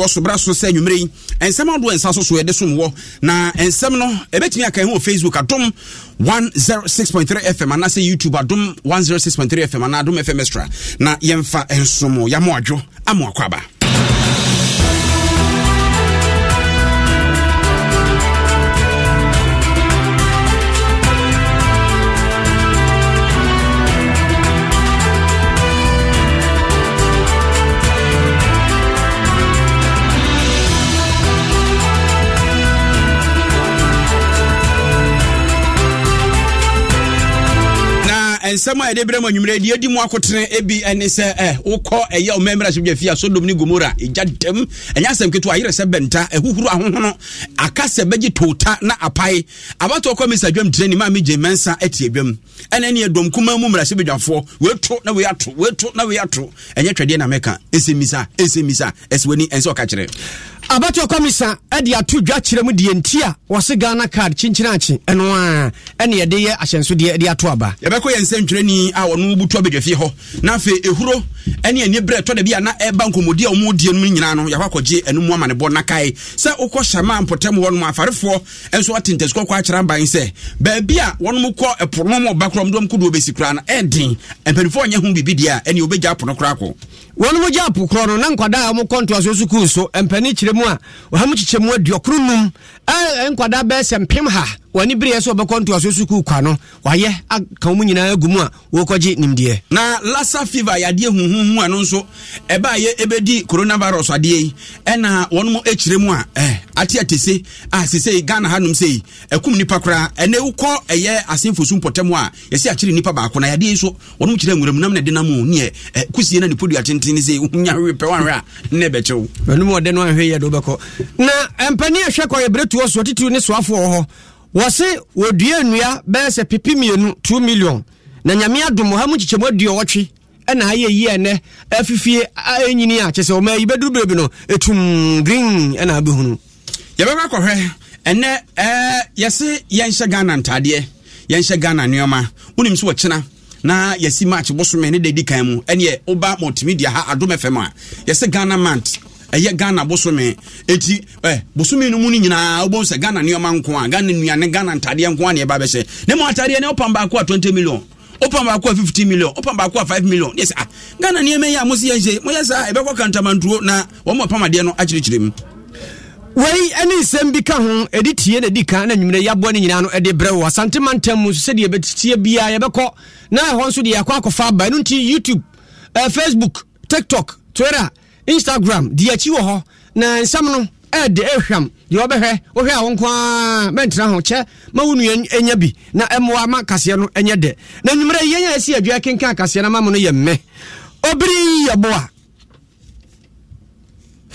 wɔsobra so sɛ nwummerɛ yi ɛnsɛm ahodoɔ nsa so so yɛde som wɔ na ɛnsɛm no ɛbɛtumi aka ho wɔ facebook adom 106.3 fm anaasɛ youtube adom 106.3 fm anaa adom fm extra na yɛmfa nsom yɛamoadwo ama akɔ aba nsɛm a yɛde berɛ mu anwummerɛ deɛ ɛdi mu akotene bi ne sɛ ɛ wokɔ ɛyɛ ɔmammerɛ asomdwa fie a sodom ne gomora ɛgya dam ɛnyɛ asɛm ketewa ayerɛ sɛ bɛnta ɛhuhuru ahohono aka sɛ bɛgye toota na apae abatoɔ kɔ mesa dwam tirɛ nim a megye mɛnsa ati adwam ɛne ne ɛdɔm kuma mu mmarahyɛ badwafoɔ wɔato na wɔato wɔato na wɔato ɛnyɛ twɛdeɛ na mɛka ɛsɛmmisa ɛsɛmmisa ɛsɛ w'ani ɛnsɛ ɔka kyerɛ abatɔ kɔmisa ɛde ato dwa kyerɛ mu deɛ nti a wɔse ghana card kyinkyirakye ɛno a ɛne yɛde yɛ ahyɛnsodeɛ de ato aba yɛbɛkɔ yɛ nsɛntwerɛni a wɔno butu abadwafie hɔ na afei ɛhuro ɛne ani berɛ ɛtɔ da bi a na ɛba nkɔmmɔdi a ɔmudie no nyinaa no yɛkɔ akɔgye ɛno mu amanebɔ na kae sɛ wokɔ hyɛma mpɔtam hɔ nom afarefoɔ ɛnso atentasukɔ kɔ akyerɛ aban sɛ baabi a wɔnom kɔ ɛpo no ma ɔba korɔ mdɔm kodoɔ bɛsi koraa no ɛden mpanimfoɔ ɔnyɛ ho biribi deɛ a ɛne wobɛgya apo no koraa kɔ wɔnom gya apo korɔ no na nkwadaa a wɔmkɔ ntoasoɔ sukuu so mpani kyerɛ mu a mu kyekyɛ mu aduɔkoro num nkwadaa bɛɛ sɛ mpem ha wɔne bereɛ sɛ wɔbɛkɔ ntoaso sukuu kwa no wayɛ aka mu nyinaa agu mu a wɔkɔgye nimdeɛ na lasa fever ya huhuhu ano nso ɛbaayɛ ɛbɛdi coronavirus adeɛ yi ɛna wɔnom akyire mu a eh, ate atese a ah, sesei ghana hanom sei nipa koraa ɛnɛ wokɔ ɛyɛ a yɛsɛ akyere nipa baako na yadeɛ yi so wɔnom kyerɛ na nam neɛ kusie na sei wonya hwe pɛ wanhwɛ a nnɛ bɛkyɛw ɛnom ɔde no anhwɛ wobɛkɔ na mpani kɔ wɔse wɔdua nnua bɛyɛ sɛ pipi mmienu 2 million na nyame adom ha mu kyekyɛmu aduɔwɔtwe ɛna ayɛ yi ɛnɛ afifie ɛnyini a kyɛ sɛ ɔma yi bɛduru biribi no ɛtum green ɛna abɛhunu yɛbɛkɔ akɔhwɛ ɛnɛ ɛɛ yɛse yɛnhyɛ ghana ntadeɛ yɛnhyɛ ghana nneɔma wonim sɛ wɔkyena na yɛsi match bosome ne da di kan mu ɛneɛ woba multimedia ha adom fm a yɛse ghana mant ɛyɛ ghana bosome eti ɛ bosome no mu no nyinaa wobɛhu sɛ ghana nneɔma nko a ghana nnuane ghana ntadeɛ nko a ne ɛba bɛhyɛ na mu atadeɛ ne wopam baako a 20 million wopam baako a 15 million wopam baako a 5 million ne sɛ ah ghana nneɛma yi a mo se yɛnhyɛ moyɛ saa ɛbɛkɔ kantamantuo na wɔn mɔpam adeɛ no akyerɛkyerɛ mu wei ne nsɛm bi ka ho ɛde tie na ɛdi ka na nwummerɛ yɛaboa no nyinaa no ɛde brɛ wo asante mantam mu so sɛdeɛ yɛbɛtie biaa yɛbɛkɔ na ɛhɔ nso deɛ yɛakɔ akɔfa aba ɛno nti youtube uh, facebook tiktok twitter instagram di akyi wɔ hɔ na nsɛm no ɛde ɛhwam deɛ wɔbɛhwɛ wohwɛ a wo nko a mɛntena ho kyɛ ma wo nua ɛnya bi na ɛmmoa ma kaseɛ no ɛnyɛ dɛ na nwummerɛ yɛnya ɛsi adwa kenka kaseɛ no ma mo no yɛ mmɛ obiri yɛboa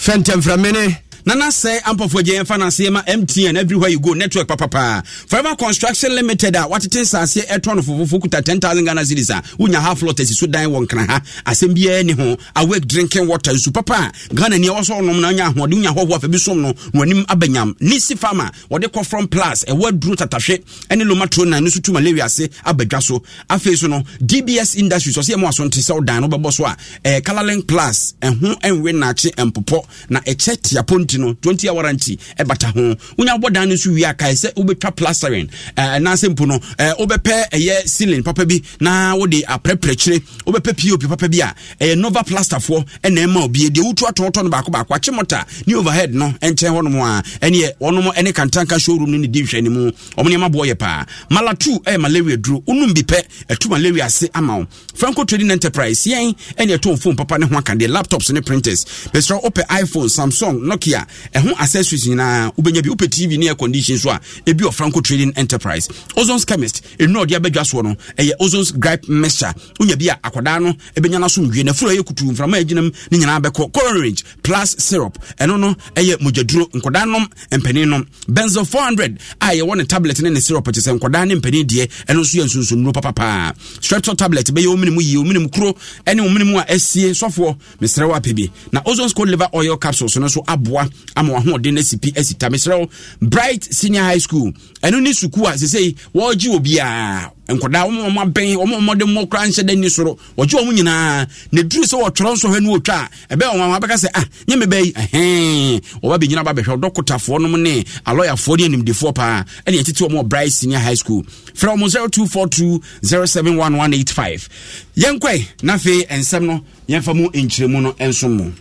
fɛntɛmframene na na sɛ ampɔfoɔ agye yɛmfa no aseɛ ma mtn everywhere you go network papapaa forever construction limited a watete nsaseɛ ɛtɔ no fofofo kuta 10000 ghana cities a wonya half lot asi so dan wɔ nkra ha asɛm biara ni ho awake drinking water nsu papa a ghana ni ɛwɔ sɛ ɔnom na wonya ahoɔden wonya hɔhoa afa bi som no na wanim abanyam nisi farma wɔde kɔ from plus ɛwɔ aduro tatahwɛ ɛne lomatrona no so tu malaria se abadwa so afei so no dbs industries ɔsɛ yɛma asɔnte sɛ wodan no wobɛbɔ so a eh, colorlink plus ɛho eh, ɛnwe naakye mpopɔ na ɛkyɛ tiaponti no 20 year warranty ɛbata eh, ho wonya bɔ dan no nso wie akae sɛ wobɛtwa plastering ɛnaasɛ eh, eh, mpo no wobɛpɛ ɛyɛ ceiling papa bi na wode aprɛprɛkyire wobɛpɛ pop papa bi a ɛyɛ nova plasterfoɔ ɛna ɛma obie deɛ wotu atɔntɔ no baako baako akye mɔta ne overhead no nkyɛn hɔnom a ɛneɛ wɔnom ɛne kantanka showroom no ne di nhwɛ ne mu ɔmo nneɛma boɔ yɛ paa malatu ɛyɛ malaria duro wonum bi pɛ ɛtu malaria ase ama wo franco trading enterprise yɛn ɛne ɛtɔn phone papa ne ho aka deɛ laptops ne printers bɛsrɛ wopɛ iphone samsung nokia a ɛho accessories nyinaa wobɛnya bi wopɛ tv ne air condition so a ebi wɔ franco trading enterprise ozons chemist ɛnura ɔde abɛdwa soɔ no ɛyɛ ozons gripe mixture wonya bi a akwadaa no ɛbɛnya no so nwie nafuro ɛyɛ kutu mframa agyinam ne nyinaa bɛkɔ corange plus syrup ɛno no ɛyɛ mogyaduro nkwadaa nom mpanin nom benzo 400 a yɛwɔ ne tablet ne ne syrup kyɛ sɛ nkwadaa ne mpanin deɛ ɛno nso yɛ nsonsomnuro papapaa streptol tablet bɛyɛ omenemu yie omenemu kuro ɛne omenemu a ɛsie sɔfoɔ mesrɛ wo apɛ bi na ozons cold liver oil capsules no so aboa ama wahoɔden no asipi asita mesrɛ wo bright senior high school ɛno ne sukuu a sesei wɔregye wɔ biaa nkɔdaa wɔn wɔn abɛn wɔn wɔn de mmɔ kora nhyɛ dɛ ni soro wɔgye wɔn nyinaa na duru sɛ wɔtwerɛ nso hɛ no otwa ɛbɛn wɔn abɛka sɛ ah nye mi bɛyi ɛhɛn wɔba bi nyina ba bɛhwɛ dɔkotafoɔ nom ne alɔyafoɔ ne animdefoɔ paa ɛna yɛtete wɔn wɔ bright senior high school frɛ wɔn zero two four two zero seven one one eight five yɛn kɔɛ n'afɛ nsɛm no yɛn fa mu nkyiremu no nso mu.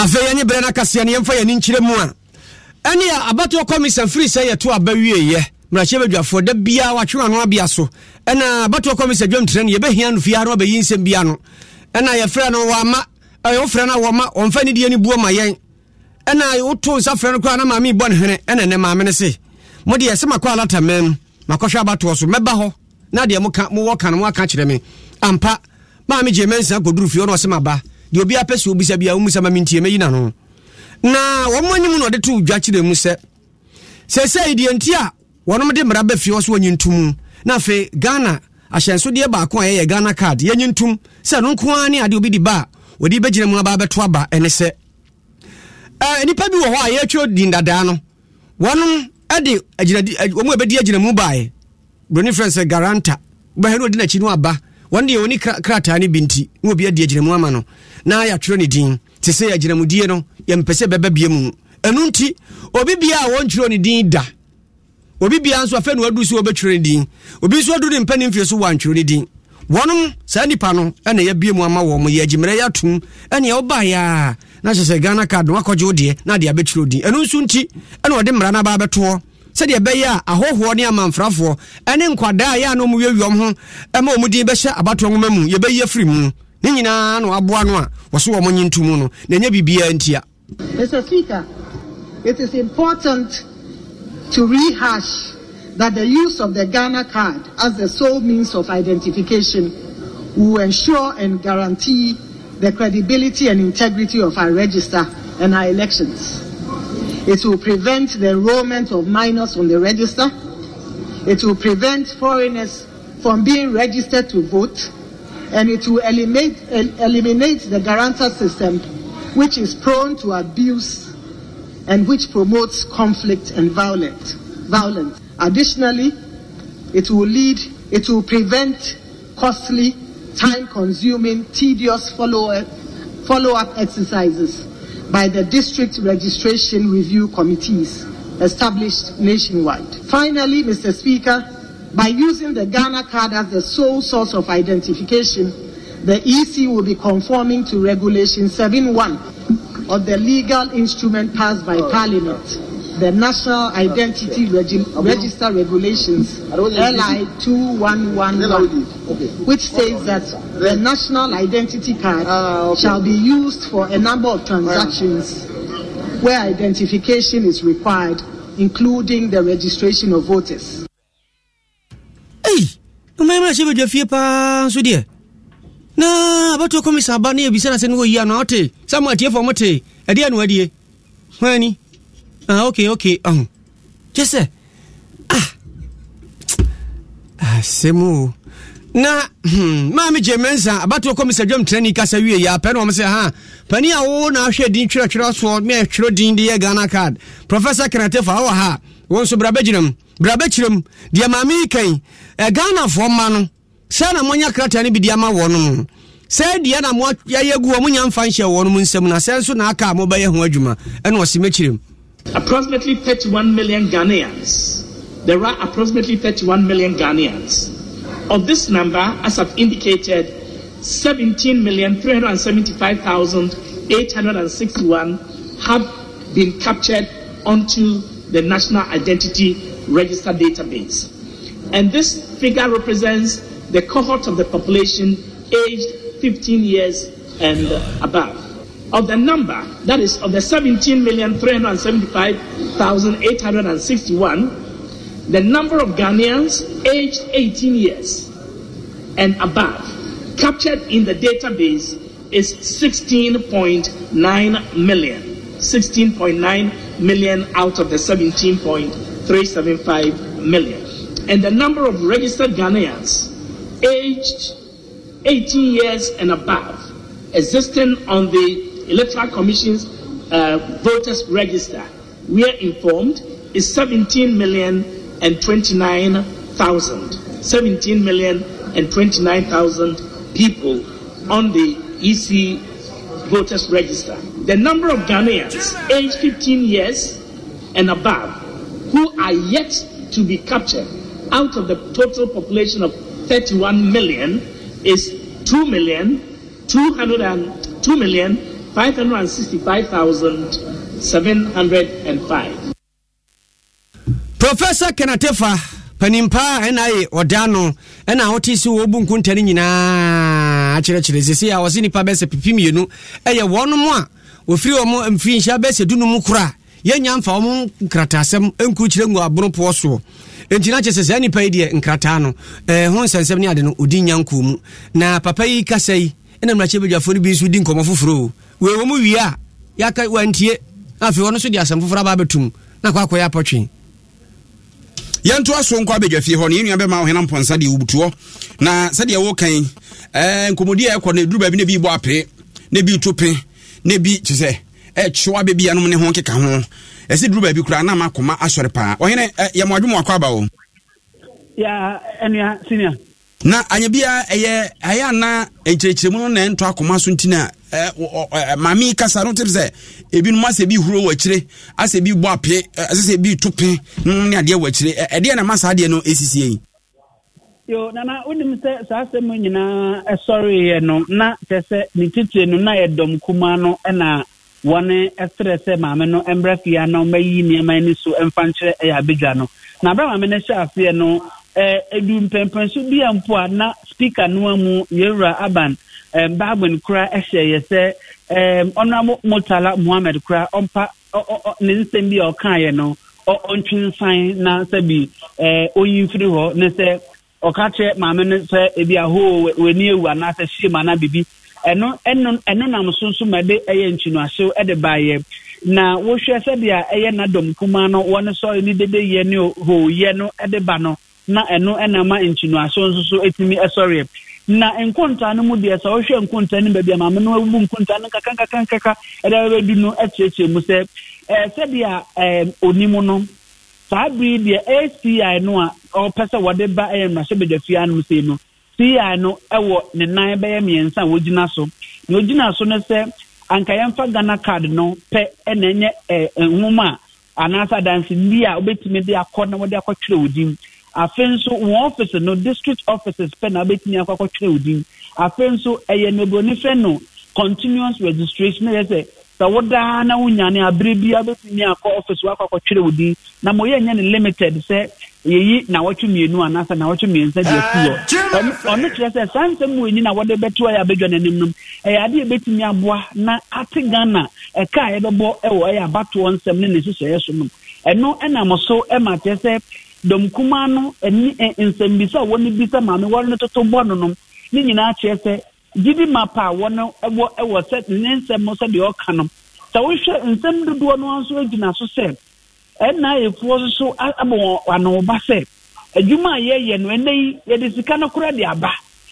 afei yɛne berɛ no akaseɛ no yɛmfa yɛne nkyerɛ mu a ɛne a abatoɔ commission firi sɛ yɛto aba wieɛ mmarahyɛ badwafoɔ da biaa watwe ano abia so ɛna abatoɔ commission dwamtirɛ no yɛbɛhia no fie ara bɛyi nsɛm bia no ɛna yɛfrɛ no wɔama wofrɛ no wɔma ɔmfa ne deɛ no buo ma yɛn ɛna woto nsa frɛ no koraa na maame bɔ ne hene ɛna nɛ maame no se mode ɛsɛ makɔ alatamam makɔhwɛ abatoɔ so mɛba hɔ na deɛ mowɔ ka no moaka kyerɛ me ampa maame gye mansia kɔduru fie ɔne ɔsɛ maba deɛ obi apɛ sɛ obisa bia womu sɛ ma mentie mɛyina no na wɔn anim no ɔde to dwa kyerɛ mu sɛ sɛsɛi deɛ nti a wɔnom de mmara bɛfie hɔ so wɔnyi ntom na afei ghana ahyɛnsodeɛ baako a yɛyɛ ghana card yɛnyi ntom sɛ no nko ara ne adeɛ obi de ba a wɔde bɛgyina mu aba abɛto aba ɛne sɛ nnipa bi wɔ hɔ a yɛatwa din dadaa no wɔnom de wɔn a bɛdi agyinamu baeɛ buroni frɛ sɛ garanta bɛhɛ no ɔdi n'akyi no aba wɔn deɛ wɔni krataa no bi nti na obi adi agyinamu ama no na yɛatwerɛ ne din te sɛ agyinamudie no yɛmpɛ sɛ bɛba bie mu ɛno nti obi bia a wɔntwerɛ ne din da obi bia nso afɛ na wadu so wɔbɛtwerɛ ne din obi nso adu ne mpɛne mfie so wɔantwerɛ ne din wɔnom saa nipa no ɛna yɛbie mu ama wɔn yɛ agyimerɛ yɛatom ɛnea wɔbaeɛ a na hyɛ sɛ ghana card no wakɔgye wo deɛ na ade abɛtwerɛ din ɛno nso nti ɛna wɔde mmara no aba abɛtoɔ sɛdeɛ ɛbɛyɛ a ahɔhoɔ ne amanfrafoɔ ɛne nkwadaa yɛ a na ɔmuwiewiam ho ɛma ɔmu din bɛhyɛ abatoɔ nwoma mu yɛbɛyi afiri mu ne nyinaa na waboa no a wɔso wɔ mo mu no na ɛnyɛ biribiaa ntia Mr. Speaker, it is important to rehash that the use of the Ghana card as the sole means of identification will ensure and guarantee the credibility and integrity of our register and our elections. It will prevent the enrollment of minors on the register. It will prevent foreigners from being registered to vote. And it will eliminate, eliminate the guarantor system, which is prone to abuse and which promotes conflict and violence. violence. Additionally, it will lead, it will prevent costly, time consuming, tedious follow up exercises by the district registration review committees established nationwide. Finally, Mr. Speaker, by using the Ghana card as the sole source of identification, the EC will be conforming to Regulation 7.1 of the legal instrument passed by oh. Parliament the National Identity Regi Register Regulations, LI 2111, which says that the national identity card uh, okay. shall be used for a number of transactions where identification is required, including the registration of voters. Hey, mmarima ahyɛ badwa fie paa nso deɛ na abatoɔ commisar aba ne yɛbisa na sɛ ne wɔyi ano a wote sɛ mo atiefoɔ mote ɛdeɛ anoadie hwani ah, ok ok um, kyɛ sɛ ah, asɛm ah, o na hmm, maa me gye mensa abatoɔ kɔmisa dwamtrani kasa wie yɛ apɛ ne ɔm sɛ ha pani a na ahwɛ din twerɛtwerɛ soɔ me ɛtwerɛ din de yɛ ghana card professor kenatefa wowɔ ha wo nso brabɛgyinam brabɛkyirɛm deɛ maame yi kan eh, ghanafoɔ ma no sɛ na moanya krataa no bi de ama wɔ no mu sɛ deɛ na moayɛ gu hɔ monya mfa nhyɛ wɔ no mu na sɛ nso na aka a mobɛyɛ ho adwuma ɛne ɔse mɛkyirɛm Approximately 31 million Ghanaians. There are approximately 31 million Ghanaians. Of this number, as I've indicated, 17,375,861 have been captured onto the National Identity Register database. And this figure represents the cohort of the population aged 15 years and above of the number, that is, of the 17,375,861, the number of Ghanaians aged 18 years and above captured in the database is 16.9 million. 16.9 million out of the 17.375 million. And the number of registered Ghanaians aged 18 years and above existing on the Electoral Commission's uh, voters register, we are informed, is 17 million and 29,000. 17 million and 29,000 people on the EC voters register. The number of Ghanaians aged 15 years and above who are yet to be captured out of the total population of 31 million is 2 million 202 million 565,705. Professor Kenatefa. panimpaa ɛna ayɛ ɔda no ɛna wote sɛ wɔbu nkontane nyinaa akyerɛkyerɛ sɛsi a wɔse nnipa bɛsɛ pipi ɛyɛ wɔnom a wɔfiri wɔ m mfirinhyia bɛsɛ du no mu koro yɛnya mfa wɔm nkrataasɛm ɛnku kyerɛ ngu aboropoɔ soɔ enti kyɛ sɛ saa nnipa yi deɛ nkrataa no eh, ho nsɛnsɛm ne ade no ɔdi nya nkɔɔ mu na papa yi kasa yi ɛna badwafoɔ no bi nso di nkɔmmɔ foforɔ o wɔwɔ mu wie a yɛaka wantie na afei wɔno nso de asɛm foforɔ aba abɛtum na kɔ akɔyɛ apɔtwe yɛntoa so nkɔ abɛdwa fie hɔ no yɛnua bɛma wohena mpɔnsa deɛ wobutoɔ na sɛdeɛ wokan nkɔmmɔdi a ɛkɔ no ɛduru baabi ne bi bɔ ape ne bi to pe ne bi kyɛ sɛ ɛkyewa bɛbianom ne ho keka ho ɛsɛ duru baabi koraa na ma makoma asɔre paa ɔhene yɛmo adwom wakɔ aba o ɛnua sinia na anyɛ bia ɛyɛ ɛyɛ ana nkyerɛkyerɛmu no na ɛnto akoma so nti no maame yi kasa no wotem sɛ ebinom asɛ bi huro wɔ akyire asɛ bi bɔ apie asɛ sɛ bi to pe ne adeɛ wɔ akyire ɛdeɛ na ma saa adeɛ no ɛsisie yi yo nana onim sɛ saa asɛm nyinaa ɛsɔreeɛ no na kyɛ sɛ ne titire no na yɛdɔm kumaa no ɛna wɔne ɛserɛ sɛ maame no mbrɛ fie na ɔmɛyi nneɛma ni so ɛmfa nkyerɛ ɛyɛ abadwa no na abrɛ maame no hyɛ aseɛ no ɛdu mpɛmpɛnso bi a mpo a na speaker no mu yɛwura aban baben kora hyɛeɛ sɛ ɔnoa eh, motala mohamed kora ɔmpa ne nsɛm eh, e bi a ɔkaeɛ no ɔntwe nsan e na sɛ ɔyi mfiri hɔ ne sɛ ɔka kyerɛ maame no sɛ ebi ahoo w'ani ewu anaasɛ hyee ma ana e biribi ɛno ɛno ɛno nam so nso ma ɛde ɛyɛ nkyinoahyew ɛde baeɛ na wohwɛ sɛdeɛ ɛyɛ n'adɔm kumaa no wɔn sɔ ne dedeyɛ ne hooyɛ no ɛde ba no na ɛno ɛna ma nkyinoahyew nso so etumi ɛsɔreɛ na nkonta no mu deɛ sɛ wohwɛ nkonta no baabi a maame no abubu nkonta no nkakankakankaka ɛda bɛbɛdu no akyerɛkyerɛ mu sɛ sɛdeɛ onimu no saa bere deɛ aci no a ɔpɛ sɛ wɔde ba ɛyɛ mmarahyɛbadwafie anom sei no ci no ɛwɔ ne nan bɛyɛ mmiɛnsa a wɔgyina so na ogyina so no sɛ anka yɛmfa ghana card no pɛ ɛna ɛnyɛ nwoma a anaasɛ adansedie a wobɛtumi de akɔ na wɔde akɔtwerɛ wo din afe nso wɔn ɔfisi no district offices pɛ na abɛtumi akɔ twere odin afe nso na mmebroni fẹ no continuous registration yɛ sɛ sɛ wodaa na wonyane abiri bi abɛtumi akọ ɔfisi wakɔ twere odin na mo yɛ nye ne limited sɛ yeyi na wɔtwe mmienu anaasɛ na wɔtwe kyerɛ sɛ saa nsɛm na wɔde bɛto ayɛ abɛdwa n'anim nom ɛyɛ adeɛ na ate ghana ɛka a yɛbɛbɔ ɛwɔ ɛyɛ abatoɔ nsɛm ne ne so nom ɛno e ɛnam e so e dɔmkumaa no ɛni ɛ nsɛmbisa a wɔn bisa maame wɔn no toto bɔ no no ne nyinaa kyerɛ sɛ gidi map a wɔn ɛwɔ ɛwɔ sɛ ne nsɛm sɛ deɛ ɔka no sɛ wohwɛ nsɛm dodoɔ no nso gyina so sɛ ɛnaayefoɔ so so abɔ anɔba sɛ adwuma a yɛyɛ no ɛnɛ yi yɛde sika no kora de aba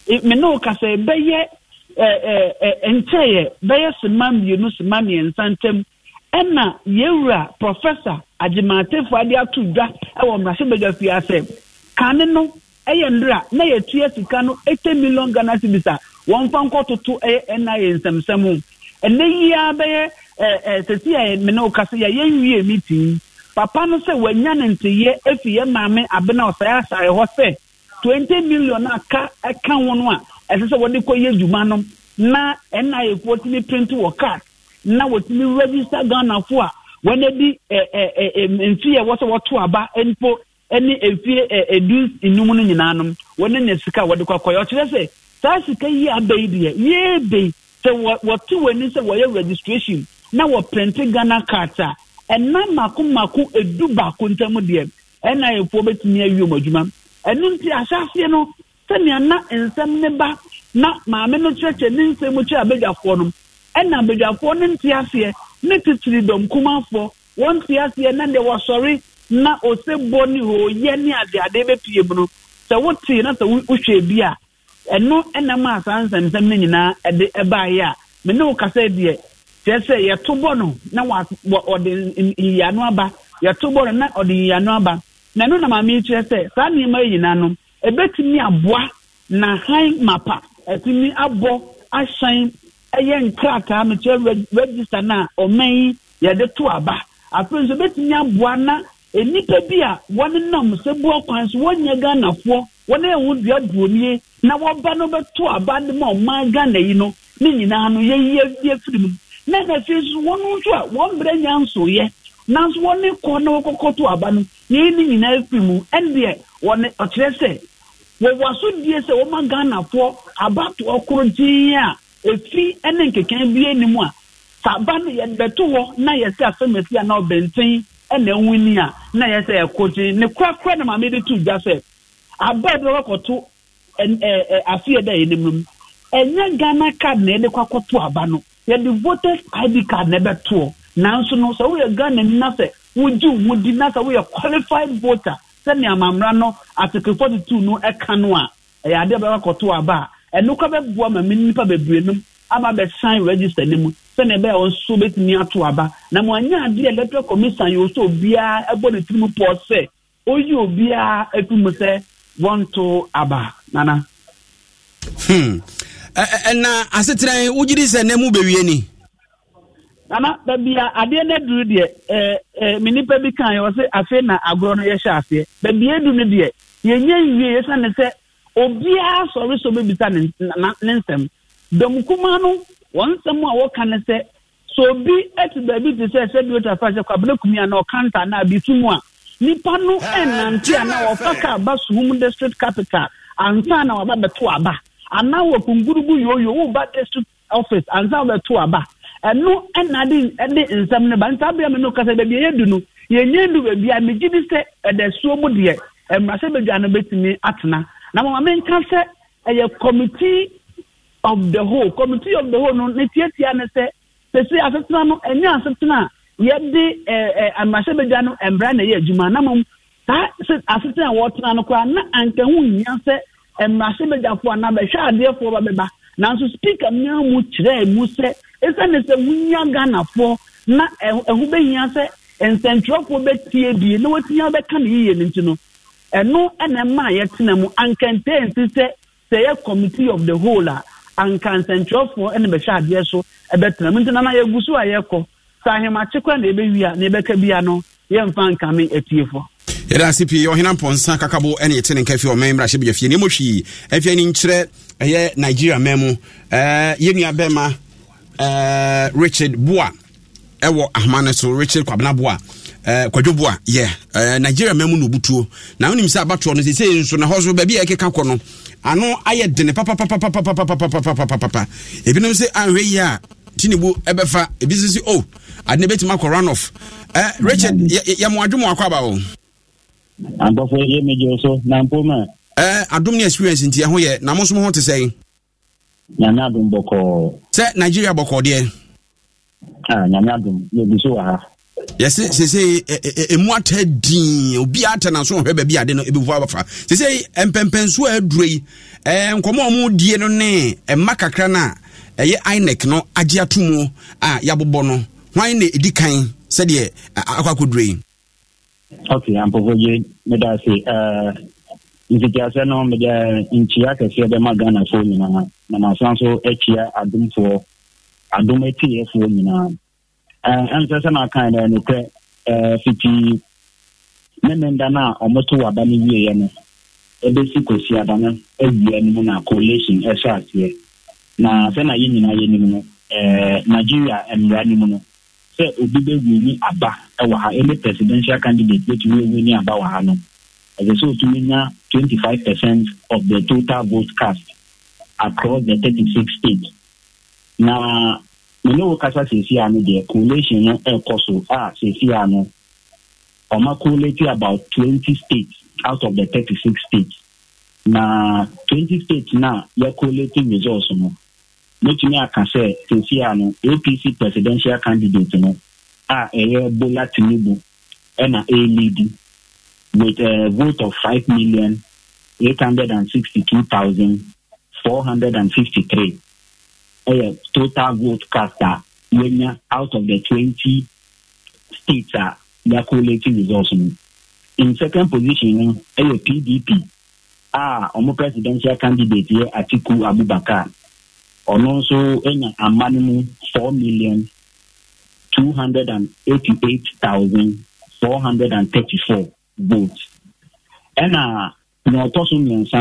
me ne wo ɛɛ ɛɛ nkyɛyɛ bɛyɛ sima mmienu sima mmiɛnsa ntam. ɛna yɛwura prɔfɛsa agyemaatefo ade ato dwa wɔ mmarahyɛbadwa fie asɛ kane no ɛyɛ ndera na yɛtua sika no eighty million ghana cedis a wɔmfa nkɔtoto ɛyɛ nia nsɛmsɛm ɛnɛ yiaa bɛyɛ sɛsi a mene wo kase yɛ yɛnwie meeting papa no sɛ wanya ne nteyɛ afi yɛ maame abena ɔsɛe asae hɔ sɛ twenty million a ka ɛka ho no a ɛsɛ sɛ wɔde kɔyɛ dwuma no na tumi print wɔ na wɔtumi register ghanafoɔ a wɔnadi eh, eh, eh, mfie a ɛwɔ sɛ wɔto aba mpo ne mfie edu nnum no nyinaa nom wɔne ne sika wɔde kɔkɔyɛ ɔkyerɛ sɛ saa sika yi aba yi deɛ yie be sɛ wɔto wɔn ani sɛ wɔyɛ registration na wɔpɛnte ghana card a ɛna mako mako edu baako ntam deɛ ɛna efoɔ betumi awie wɔn adwuma ɛnu nti ahyɛaseɛ no sɛnea na nsɛm ne ba na maame no kyerɛkyerɛ ne nsɛm kyerɛ abadwafoɔ no. ɛna badwafoɔ ne nte aseɛ ne titiri dɔm kumafoɔ wɔn te aseɛ na deɛ wɔsɔre na osebɔ ne yɛ ne adeade bɛpie mu no sɛ wote na sɛ wohwɛ bi a ɛno ɛna ma saa nsɛmsɛm no nyinaa ɛde ɛbaeɛ a me ne wo kasa deɛ kyerɛ sɛ yɛto bɔ no na ɔde yiano aba yɛto bɔ no na ɔde yiano aba na ɛno na maame yi kyerɛ sɛ saa nneɛma yi nyinaa no ebɛtumi aboa na han mapa ɛtumi abɔ ahyɛn ɛyɛ nkrataa no kyerɛ regista no a ɔman yi yɛde to aba afei nso bɛtumi aboa na nnipa bi a wɔnenam sɛbua kwan so wɔnyɛ ghanafoɔ wɔn a ɛho dua buonie na wɔba no bɛto aba de ma ɔman ghana yi no ne nyinaa no yɛyie yɛfiri mu na na afei nso wɔn nso a wɔn mbrɛ nya nsoyɛ nanso wɔne kɔ na wɔkɔkɔ to aba no yɛyi ne nyinaa firi mu ɛndeɛ wɔne ɔkyerɛ sɛ wɔwɔ asodie sɛ wɔma ghanafoɔ abatoɔ koro gyee a efi ne nkeke bi anim a saa ba no yɛbɛto hɔ na yɛsɛ asɛmasi a na ɔbɛnten na nwini a na yɛsɛ ɛkogye ne na maame de to dwa sɛ aba bi wakɔto ɛɛ afeɛ ɛnyɛ ghana card na yɛde kɔ akɔto aba no yɛde voters id card na nanso no sɛ woyɛ ghana ni na sɛ na sɛ woyɛ qualified voter amamra no article forty two no ɛka no a ɛyɛ aba ɛno kɔ bɛboa ma me nnipa bebree nom aba bɛsan register no mu sɛnea ɛbɛyɛ wɔn nso bɛtumi ato aba na mo anya adeɛ electoral commission yɛ sɛ obiara ɛbɔ ne tirim pɔɔ sɛ oyi obiara atum sɛ wɔnto aba nana. hmm ɛna asetena wogye di sɛ nna mu bɛwie ni. nana baabi a adeɛ no aduru deɛ ɛɛ ɛɛ me nipa bi kan yɛ wɔ sɛ afei na agorɔ no yɛhyɛ aseɛ baabi edu no deɛ yɛnyɛ nwie yɛsɛ ne sɛ obiara sọrọ so bebisa ne nsɛm dɔm kumaa no wɔn nsɛm a wɔka ne sɛ so obi ɛte baabi te sɛ sɛ biota fa sɛ kwabena kumi a na ɔkanta na abitu mu a nipa no ɛnante ah, a na wɔfa ka aba suhum district capital ansa na waba bɛto aba anaa wɔ kunkurugu yoyo woba district office ansa wabɛto aba ɛno ɛna de ɛde nsɛm ne ba nsa abia mi no kasa baabi ɛyɛ du no yɛnyɛ du baabi a megye di sɛ ɛdɛ suo mu deɛ mmarahyɛbadwa no bɛtumi atena na mama menka sɛ ɛyɛ committee of the whole committee of the whole no ne tiatia ne sɛ sɛsi asetena no ɛne asetena a yɛde ɛɛ amarahyɛbadwa no mbra na ɛyɛ adwuma na mom saa asetena a wɔtena no koraa na anka ho nya sɛ mmarahyɛbadwafoɔ anaa bɛhwɛ adeɛfoɔ ba bɛba nanso speaker mmea mu kyerɛɛ mu sɛ esiane sɛ wonya ghanafoɔ na ɛho bɛhia sɛ nsɛntwerɛfoɔ bɛtie bie na wɔatia bɛka ne yie no nti no ɛno ɛna ɛma a yɛtena mu ankɛntɛn ti sɛ sɛ yɛ committee of the whole ah. a ankansɛntwerɛfoɔ ɛna bɛhyɛ adeɛ so ɛbɛtena mu eh, nti nana yɛgu so a yɛkɔ sɛ ahemakye eh, kora na ɛbɛwi a na ɛbɛka bia no yɛmfa nkame atiefoɔ yɛda ase pii ɔhena mpɔnsa kakabo ɛne ɛte ne nka fi ɔman mmarahyɛ bɛgya fie hwii afia no nkyerɛ ɛyɛ nigeria man mu yɛnnua bɛma richard boa ɛwɔ ahoma no so richard kwabena boa Eh, kwadwobo a yɛ eh, nigeria ma no obutuo na wonim sɛ abatoɔ no sɛsei nso na hɔ so baabi a ɛkeka kɔ no ano ayɛ dene ebinom sɛ anhwɛ yi a ɛbɛfa ebi sɛ sɛ oh, o bɛtumi akɔ runoff eh, richard mm. yɛmo akɔ aba wo na adom ne experience nti ɛho yɛ na mo ho te sɛ nigeria bɔkɔɔ deɛ ah, yɛse sesei ɛmu ata din obiaa ata naso hwɛ baabi ade no ɛbɛfu abafa sesei mpɛmpɛnso a aduro yi nkɔmmɔ a ɔmodie no ne ɛma kakra no a ɛyɛ inec no agye ato mu a yɛabobɔ no hwan na ɛdi kan sɛdeɛ akɔ akɔduro yi ok ampofogye meda se nsikiasɛ no mede nkyia kɛseɛ bɛma ghanafoɔ nyinaa na masan so akyia adomfoɔ adom atieɛfoɔ nyinaa ɛnsɛ sɛ n'aka na nokorɛ fitii ne menda no a ɔmoto waba no wieɛ no ɛbɛsi kɔsi aba no awia no mu na collation ɛhyɛ aseɛ na na yɛ nyinaa yɛnim no eh, nigeria mmara no mu no sɛ obi bɛwu ni aba eh, wɔ ha ɛne presidential candidate bɛtumi ɛwu ni aba wɔ ha no ɛsɛ sɛ ɔtumi nya 25 percent of the total vote cast across the 36 states na me ne wo kasa seesi ano deɛ collation no ɛkɔ so a seesi ano ɔma collate about twenty states out of the thirty six states na twenty states na yɛ collate results no mɛtumi aka sɛ seesi ano apc presidential candidate no a ɛyɛ bola tinubu A ɛɛlidi e with a eh, vote of five million eight hundred and sixty two thousand four hundred and fifty three ɛyɛ total vote cast a out of the twenty states a their collate results in second position no ɛyɛ pdp a ah, ɔmo presidential candidate yɛ atiku abubakar ɔno nso anya ama no mu four million two hundred and eighty-eight thousand four hundred and thirty-four votes ɛna na ɔtɔ so mmiɛnsa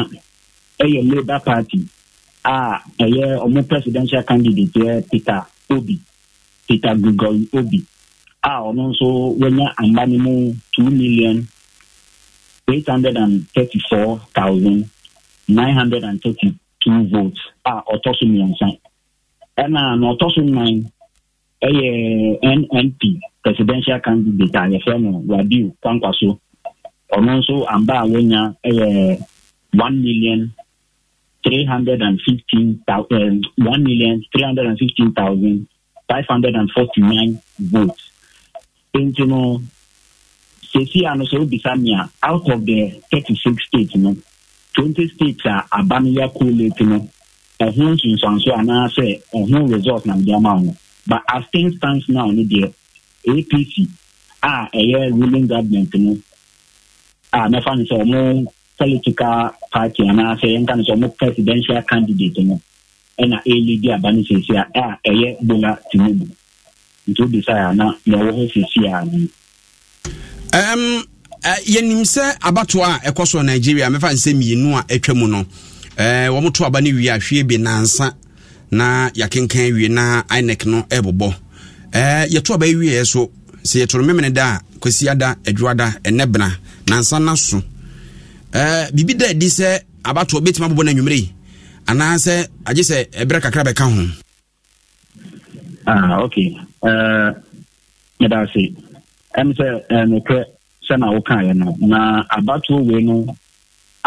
ɛyɛ labour party a ɛyɛ ɔmo presidential candidate yɛ peter obi peter gregory obi a ɔno nso wanya amba ne mu two million eight hundred and thirty four thousand nine hundred and thirty two votes a ɔtɔ so mmiɛnsa ɛna na ɔtɔ so nnan ɛyɛ nnp presidential candidate a yɛfrɛ no radio kwankwaso ɔno nso amba a wanya ɛyɛ one million. 315,000, uh, 1,315,549 votes. Nti no, sesi ano sɛ obisa me a out of the thirty-six states no, twenty states a aba no yɛ collate no, ɛho nsonsanso anaasɛ ɛho result na mede ama no. But as things stands now no deɛ, APC a ɛyɛ ruling government no, a mɛfa no sɛ ɔmo political party anaasɛ yɛnka no sɛ ɔmo presidential candidate no ɛna ɛɛlidi aba no sɛsi a a ɛyɛ bola tinubu nti wobisae a na nea ɔwɔ hɔ sɛsi a no um, uh, yɛnim sɛ abatoa a ɛkɔ so nigeria mɛfa nsɛ mmienu a ɛtwa mu no uh, wɔm to aba no wie a hwie bi nansa na yɛakenkan wie na inec no ɛbobɔ uh, yɛto aba wieɛ so sɛ yɛtoro memene da a kwasiada adwoada ɛnɛ bena nansa na so Eh, biribi da adi sɛ abatoɔ bɛtumi abobɔ no anwummere yi anaasɛ agye sɛ ɛberɛ kakra bɛka ho ah, ok eh, meda uh, ase ɛm sɛ nokorɛ eh, sɛna wokaeɛ no na abatoɔ wei no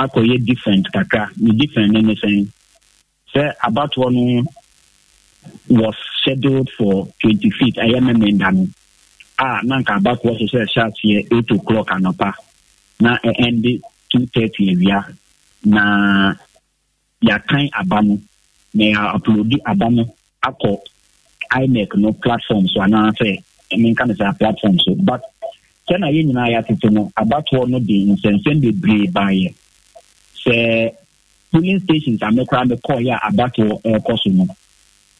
akɔyɛ different kakra ne different ne ne sɛn sɛ abatoɔ no was scheduled for twenty feet ɛyɛ memenda no a ah, na nka abatoɔ so sɛ ɛhyɛ aseɛ eight o'clock anɔpa na ɛɛnde two thirty na yɛakan aba no na yɛaplodi aba no akɔ inec no platform so anaasɛ menka no sɛ platform so but sɛna yɛn nyinaa yɛatete no abatoɔ no de nsɛnsɛm bebree baeɛ sɛ polling stations a mekora mekɔɔyɛ a abatoɔ ɛrekɔ so no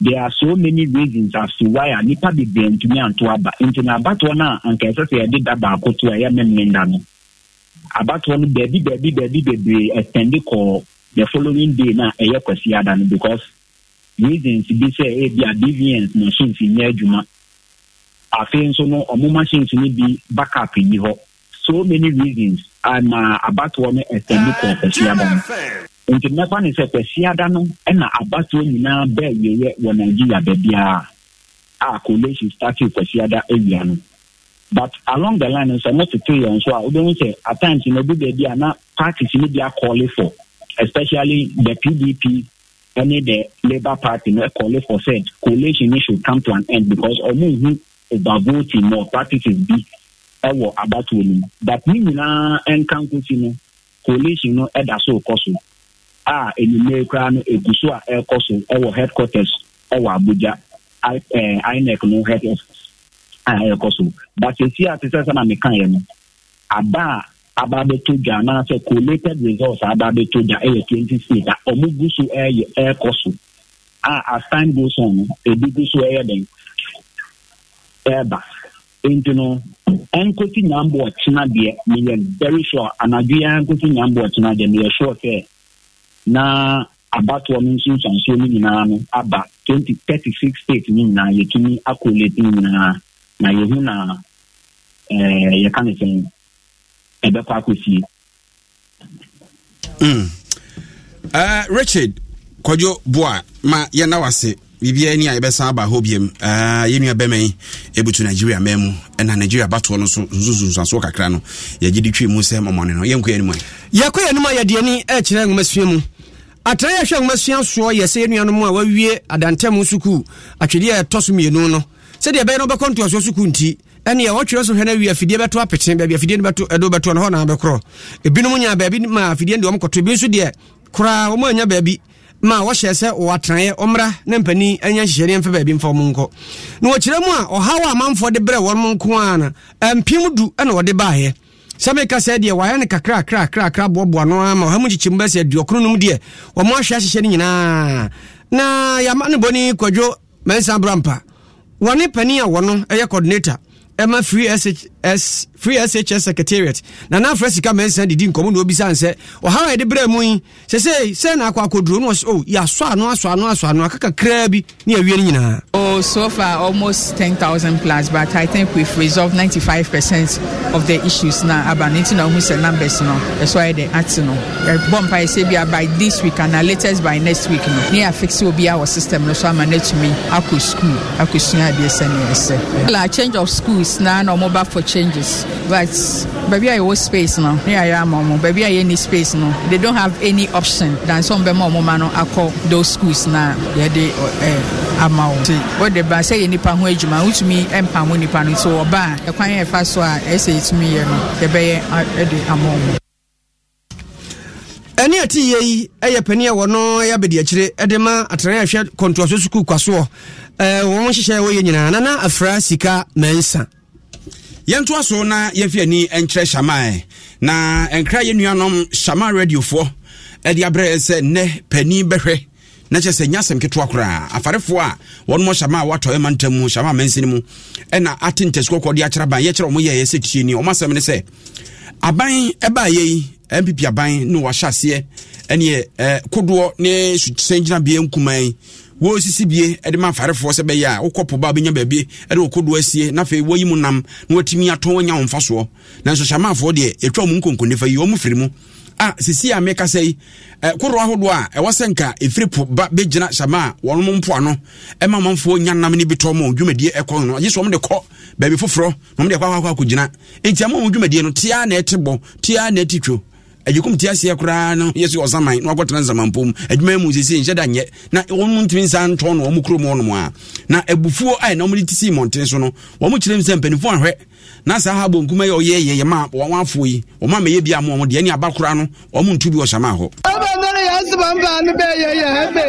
there are so many reasons as to why a nipa bebree ntumi anto aba nti na abatoɔ no a anka ɛsɛ sɛ yɛde da baako to a ɛyɛ memenda no abatoɔ no baabi baabi baabi bebree ɛtɛnde kɔɔ the following day na ɛyɛ kwasi ada no because reasons bi sɛ ebi eh, a deviance machines nyɛ adwuma afei nso no ɔmo machines no bi backup ni hɔ so many reasons ama ah, abatoɔ no ɛtɛnde kɔɔ kwasi ada no nti mmɛkwa ne sɛ kwasi ada no ɛna abatoɔ nyinaa bɛɛ yɛyɛ wɔ nigeria baabi a a ah, college starting kwasi ada awia no but along the line nso ɛmo tete yɛn nso a wobɛhu sɛ at times no bi baabi a na parties no bi akɔɔle for especially the pdp ɛne the labour party no ɛkɔɔle for said coalition no should come to an end because ɔmo nhu voting more practices bi ɛwɔ abatoɔ no mu but ne nyinaa ɛnka nkosi no coalition no ɛda so kɔ so a enyimire koraa no egu so a ɛkɔ so ɛwɔ headquarters ɛwɔ abuja inec eh, no headquarters. a ɛrekɔ so but esi ase sɛ sɛ na meka yɛ no aba a aba abɛto collated results aba abɛto dwa ɛyɛ twenty state a ɔmo gu so ɛyɛ so a as time goes on ebi gu so ɛyɛ den ɛɛba nti no nkosi nyambo deɛ very sure yɛ nkosi sure na abatoɔ no nso nyinaa no aba twenty thirty six state no nyinaa yɛtumi nyinaa. na yɛhu na yɛka ne sɛ ɛbɛkɔ akɔsie richard kwadwo boa ma yɛna wase biribiara ni a yɛbɛsan aba hɔ biam euh, yɛnua bɛma yi e ɛbutu nigeria ma mu ɛna e nigeria batoɔ no so nsusunsuansoɔ kakra no yɛgye de twi mu sɛ mɔmɔne no yɛnkɔ yɛnim a yɛkɔ yɛnim a yɛde ani ɛkyerɛ eh, nwomasua mu atena yɛhwɛ nwomasua soɔ yɛ sɛ yɛnuanom a wawie adantam sukuu atwedeɛ a ɛtɔ so mmienu no sɛdeɛ ɛbɛyɛ no wobɛkɔ ntoasoɔ so ku nti ɛneɛ wɔtwerɛ so hwɛ no awie afidie bɛto apete baabi afidie no ɛde wobɛtoɔ no hɔ naa bɛkorɔ ebinom nyaa baabi ma afidie no deɛ ɔmkɔto ebi nso deɛ koraa ɔma anya baabi ma wɔhyɛ sɛ wɔatenaeɛ ɔmmra na mpani anya nhyehyɛneɛ mfa baabi mfa ɔmo nkɔ na wɔkyerɛ mu a ɔhaw a amanfoɔ de brɛ wɔnom nko a na mpem du ɛna wɔde baeɛ sɛ meka sɛ deɛ wayɛ no kakrakrakrakra boaboa no ama ɔha mu kyekyɛ mu bɛ sɛ aduɔkrono nom deɛ wɔmo ahwɛ ahyehyɛ no nyinaa na yɛama ne bɔne kwadwo mansa brampa wɔne panin a wɔno ɛyɛ coordinator ɛma free sh S free SHS secretariat na na afrɛ sika mɛnsa didi nkɔmɔ na obisa nsɛ ɔhaw a yɛde brɛ mu yi sɛsɛ sɛ na akɔ akɔduro no ɔsɛ o oh, yɛasɔ ano asɔ ano asɔ ano akaka kraa bi ne awie no nyinaa oh so far almost 10000 plus but i think we've resolved 95% of the issues now. About no nti na ɔhu numbers no ɛsɔ ayɛ de ate no ɛbɔ eh, mpaeɛ sɛ bia by this week and latest by next week no ne yɛafixe obi a wɔ system no so ama no atumi akɔ school akɔsua adeɛ sɛneɛ ɛsɛ change of schools now. No mobile for changes but baabi a yɛwɔ space no ne yɛayɛ ama ɔmo baabi a yɛni space no they don't have any option dan sɛ ɔmbɛma ɔmo ma no akɔ those schools na yɛde ama wo nti wɔde ba sɛ yɛ nipa ho adwuma wotumi mpamo nipa no nti wɔba a ɛkwan yɛfa so a ɛsɛ yɛtumi yɛ no yɛbɛyɛ ɛde ama ɔmo ɛne ɛte yɛ yi ɛyɛ pani a wɔno yɛ abɛdi akyire de ma atene ahwɛ kɔntoaso sukuu kwasoɔ wɔn hyehyɛ wɔyɛ nyinaa nana afra sika mɛnsa yɛnto aso na yɛmfi ani nkyerɛ hyamae na ɛnkra yɛ nuanom hyama radiofoɔ ɛde aberɛ sɛ nnɛ pani bɛhwɛ na kyerɛ sɛ nya asɛm ketewa koraa afarefoɔ a wɔnom hyama a watɔ ɛma ntam mu hyama amansini mu ɛna ate ntasikɔkɔ de akyerɛ aban yɛkyerɛ ɔmo yɛyɛ sɛ tieni ɔmo asɛm ne sɛ aban ɛbaayɛ yi mpp aban ne wɔahyɛ aseɛ ɛneɛ kodoɔ ne sukyɛn gyinabea nkuman wɔsisi bie de ma afarefoɔ sɛ bɛyɛ a wokɔ po ba bɛnya baabi de wɔkɔdo asie na afei wayi mu nam na watumi atɔn wanya wo mfa soɔ nanso hyɛmaafoɔ deɛ ɛtwa mu nkonkonne yi ɔmu firi mu a sisi a meka sɛ yi koro ahodoɔ a ɛwɔ sɛ nka ɛfiri po ba bɛgyina hyɛma a wɔnom mpo ano ɛma manfoɔ nya nam no bi tɔ ma dwumadie ɛkɔ no agye sɛ ɔmde kɔ baabi foforɔ na ɔmde ɛkɔ akɔakɔgyina enti ama wɔ dwumadie no tea na ɛte bɔ tea na ɛte two adwokum te aseɛ koraa no yɛsɛ ɔsaman na wakɔtena nsamampo mu adwuma mu sɛsɛ nhyɛ da nyɛ na wɔn ntumi nsa ntɔ no wɔn kurom hɔ a na abufuo a na wɔde sii mmɔnten so no wɔn kyerɛ mu sɛ mpanimfoɔ ahwɛ na saa ha bɔ nkuma yi ɔyɛ yɛ yɛ ma wɔn afo yi wɔn ama yɛ bi ama wɔn deɛ ɛne aba koraa no wɔn ntu bi ɔhyɛma hɔ. ọba mẹ́rin yà á sọ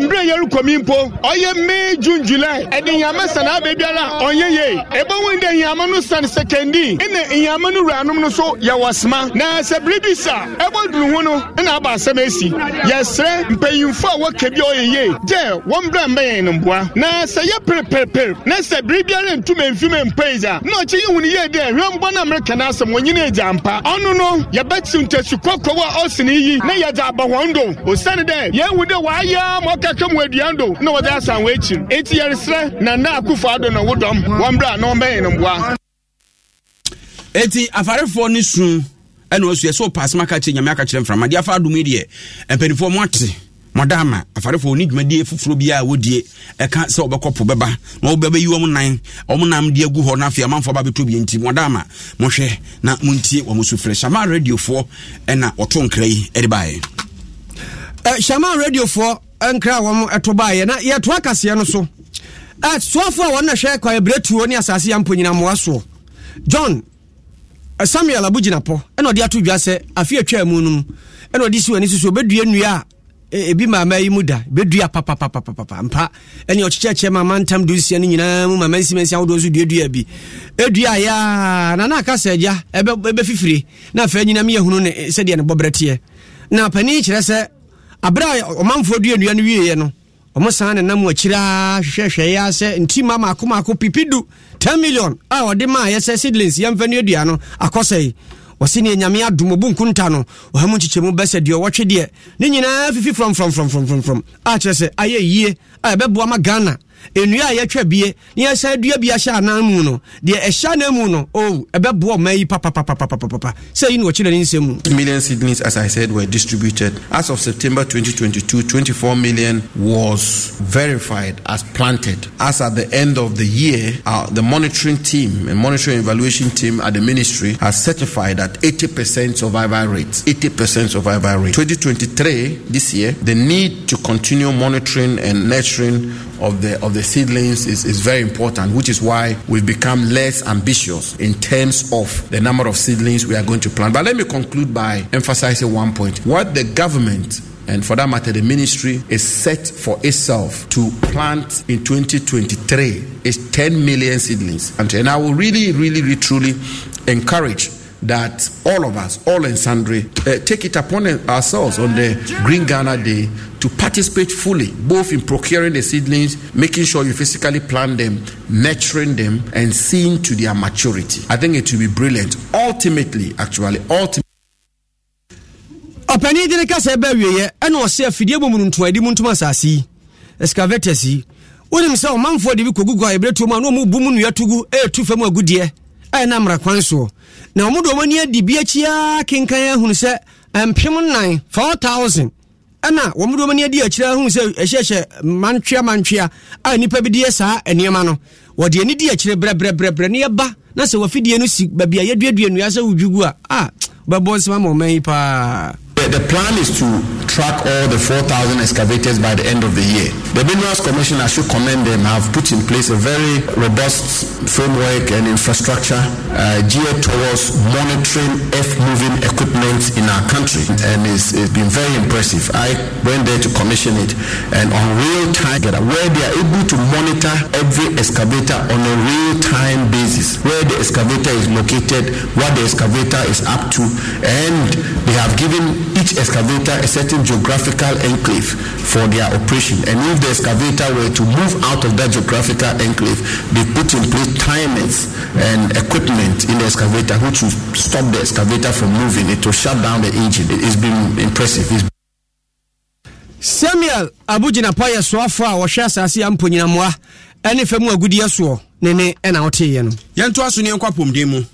mbrɛ yɛre kɔmi mpo ɔyɛ may june july ɛde nyama sanaa baabiara ɔnyɛ yie ɛbɛhu dɛ nyama no san sɛkɛndi ɛna nyama no wuranom no so yɛwɔ sema na sɛ bere bi sa ɛbɔ duru ho no ɛna aba asɛm asi yɛsrɛ mpanyimfo a wɔka bi a ɔyɛ yie gye wɔn brɛ mbɛ yɛn no mboa na sɛ yɛ pereperepere na sɛ bere biara ntum mfim mpɛyi dza na ɔkyɛ yi hun yie dɛ hwɛmbɔ no amerɛka no asɛm wɔnyine agya mpa ɔno no yɛbɛkyi ntasu kɔkɔɔ a ɔsene yi na yɛdze aba wɔn do osiane dɛ yɛahu dɛ wɔayɛ ma ɔka kaka mu aduando na wɔde asan wɔ akyiri enti yɛresrɛ na na akufo ado na wodɔm a na ɔmbɛyɛ no mboa enti afarefoɔ no su ɛna ɔsu ɛsɛ ɔpa asɛm aka kyerɛ nyame aka kyerɛ mframa deɛ afa adom yi deɛ mpanimfoɔ mɔda ama afarefoɔ ne dwumadie foforɔ bi a wɔdie ɛka sɛ wɔbɛkɔ po bɛba na wɔbɛbɛyi wɔm nan ɔm nam de agu hɔ no afei amanfoɔ ba bɛtɔ bie nti mɔda ama mohwɛ na montie wɔ mo hyɛma eh, radiofoɔ eh, nkra wɔm ɛto baeɛ na yɛtoa kaseɛ no so eh, soafoɔ a wɔn na hwɛ kwaeɛberɛtuo ne asase yɛ mponyina nyinammoa soɔ john samuel abogyinapɔ ɛna ɔde ato dwa sɛ afe atwaa mu no mu ɛna ɔde si w'ani so so ɔbɛdua nnua a ebi maama yi mu da bɛdua papapapapapa mpa ɛne ɔkyekyɛkyɛ maama ntam dunsia no nyinaa mu maama nsimansia ahodoɔ nso duadua bi ɛdua ayɛ na na aka sɛ agya fifiri na afei nyinam yɛhunu ne sɛdeɛ ne bɔberɛ teɛ na panin kyerɛ sɛ abere a ɔmanfoɔ dua nnua no wieɛ no ɔmo san ne nam akyiraa hwehwɛhwɛeɛ sɛ ntima maako maako pipi du 10 million a ɔde maa yɛ sɛ sidlings yɛmfa no adua no akɔsɛe wɔse ne nyame adom ɔbu no ɔha mu nkyekyɛmu bɛ sɛ deɛ ɔwɔtwe deɛ ne nyinaa fifi From a kyerɛ sɛ ayɛ yie a ɛbɛboa ma ghana nnua a yɛtwa bie na yɛsan dua bi ahyɛ anan mu no deɛ ɛhyɛ anan mu no oh ɛbɛboa ɔma yi papapapapapapa sɛ yi na ne nsɛm mu. million seedlings as i said were distributed as of september 2022 24 million was verified as planted as at the end of the year uh, the monitoring team and monitoring evaluation team at the ministry has certified that 80 percent survival rate 80 percent survival rate 2023 this year the need to continue monitoring and nurturing of the of the seedlings is, is very important, which is why we've become less ambitious in terms of the number of seedlings we are going to plant. But let me conclude by emphasizing one point. What the government and for that matter, the ministry is set for itself to plant in 2023 is 10 million seedlings. And, I will really, really, really, truly encourage that all of us, all and sundry, uh, take it upon ourselves on the Green Ghana Day to participate fully, both in procuring the seedlings, making sure you physically plant them, nurturing them, and seeing to their maturity. I think it will be brilliant. Ultimately, actually, ultimately. ɔpanin de ne kasa ɛbɛ awieɛ ɛna ɔsɛ afidie bɔ mu ntoadi mu ntoma asase yi escavators yi wonim sɛ ɔmanfoɔ de bi kɔgugu a yɛbrɛ tuo mu a na ɔmu bu mu nnua tugu ɛɛtu eh, fam agudeɛ ɛyɛ na mmara kwan soɔ na ɔmo de ɔmo ani adi bi akyiaa kenkan ahunu sɛ mpem nan four thousand ɛna wɔn de wɔn ani adi akyire ahun sɛ ɛhyehyɛ mantwea mantwea a nipa bi de yɛ saa nneɛma no wɔde ani di akyire brɛbrɛbrɛbrɛ ne yɛba na sɛ wɔfidie no si baabi a yɛduadua nnua sɛ wodwi gu a bɛbɔ nsɛm ama ɔman yi paa. the plan is to track all the 4,000 excavators by the end of the year. The Minerals Commission, I should commend them, have put in place a very robust framework and infrastructure uh, geared towards monitoring earth-moving equipment in our country, and it's, it's been very impressive. I went there to commission it, and on real time, where they are able to monitor every excavator on a real-time basis, where the excavator is located, what the excavator is up to, and they have given each excavator a certain geographical enclave for their operation. And if the excavator were to move out of that geographical enclave, they put in place timers and equipment in the excavator which will stop the excavator from moving. It will shut down the engine. It's been impressive. It's been samuel Abujina Paya soafo a wɔhwɛ asase a mponyinammoa ne fam agudiɛ soɔ ne ne ɛna wɔteeɛ no yɛntoa so ne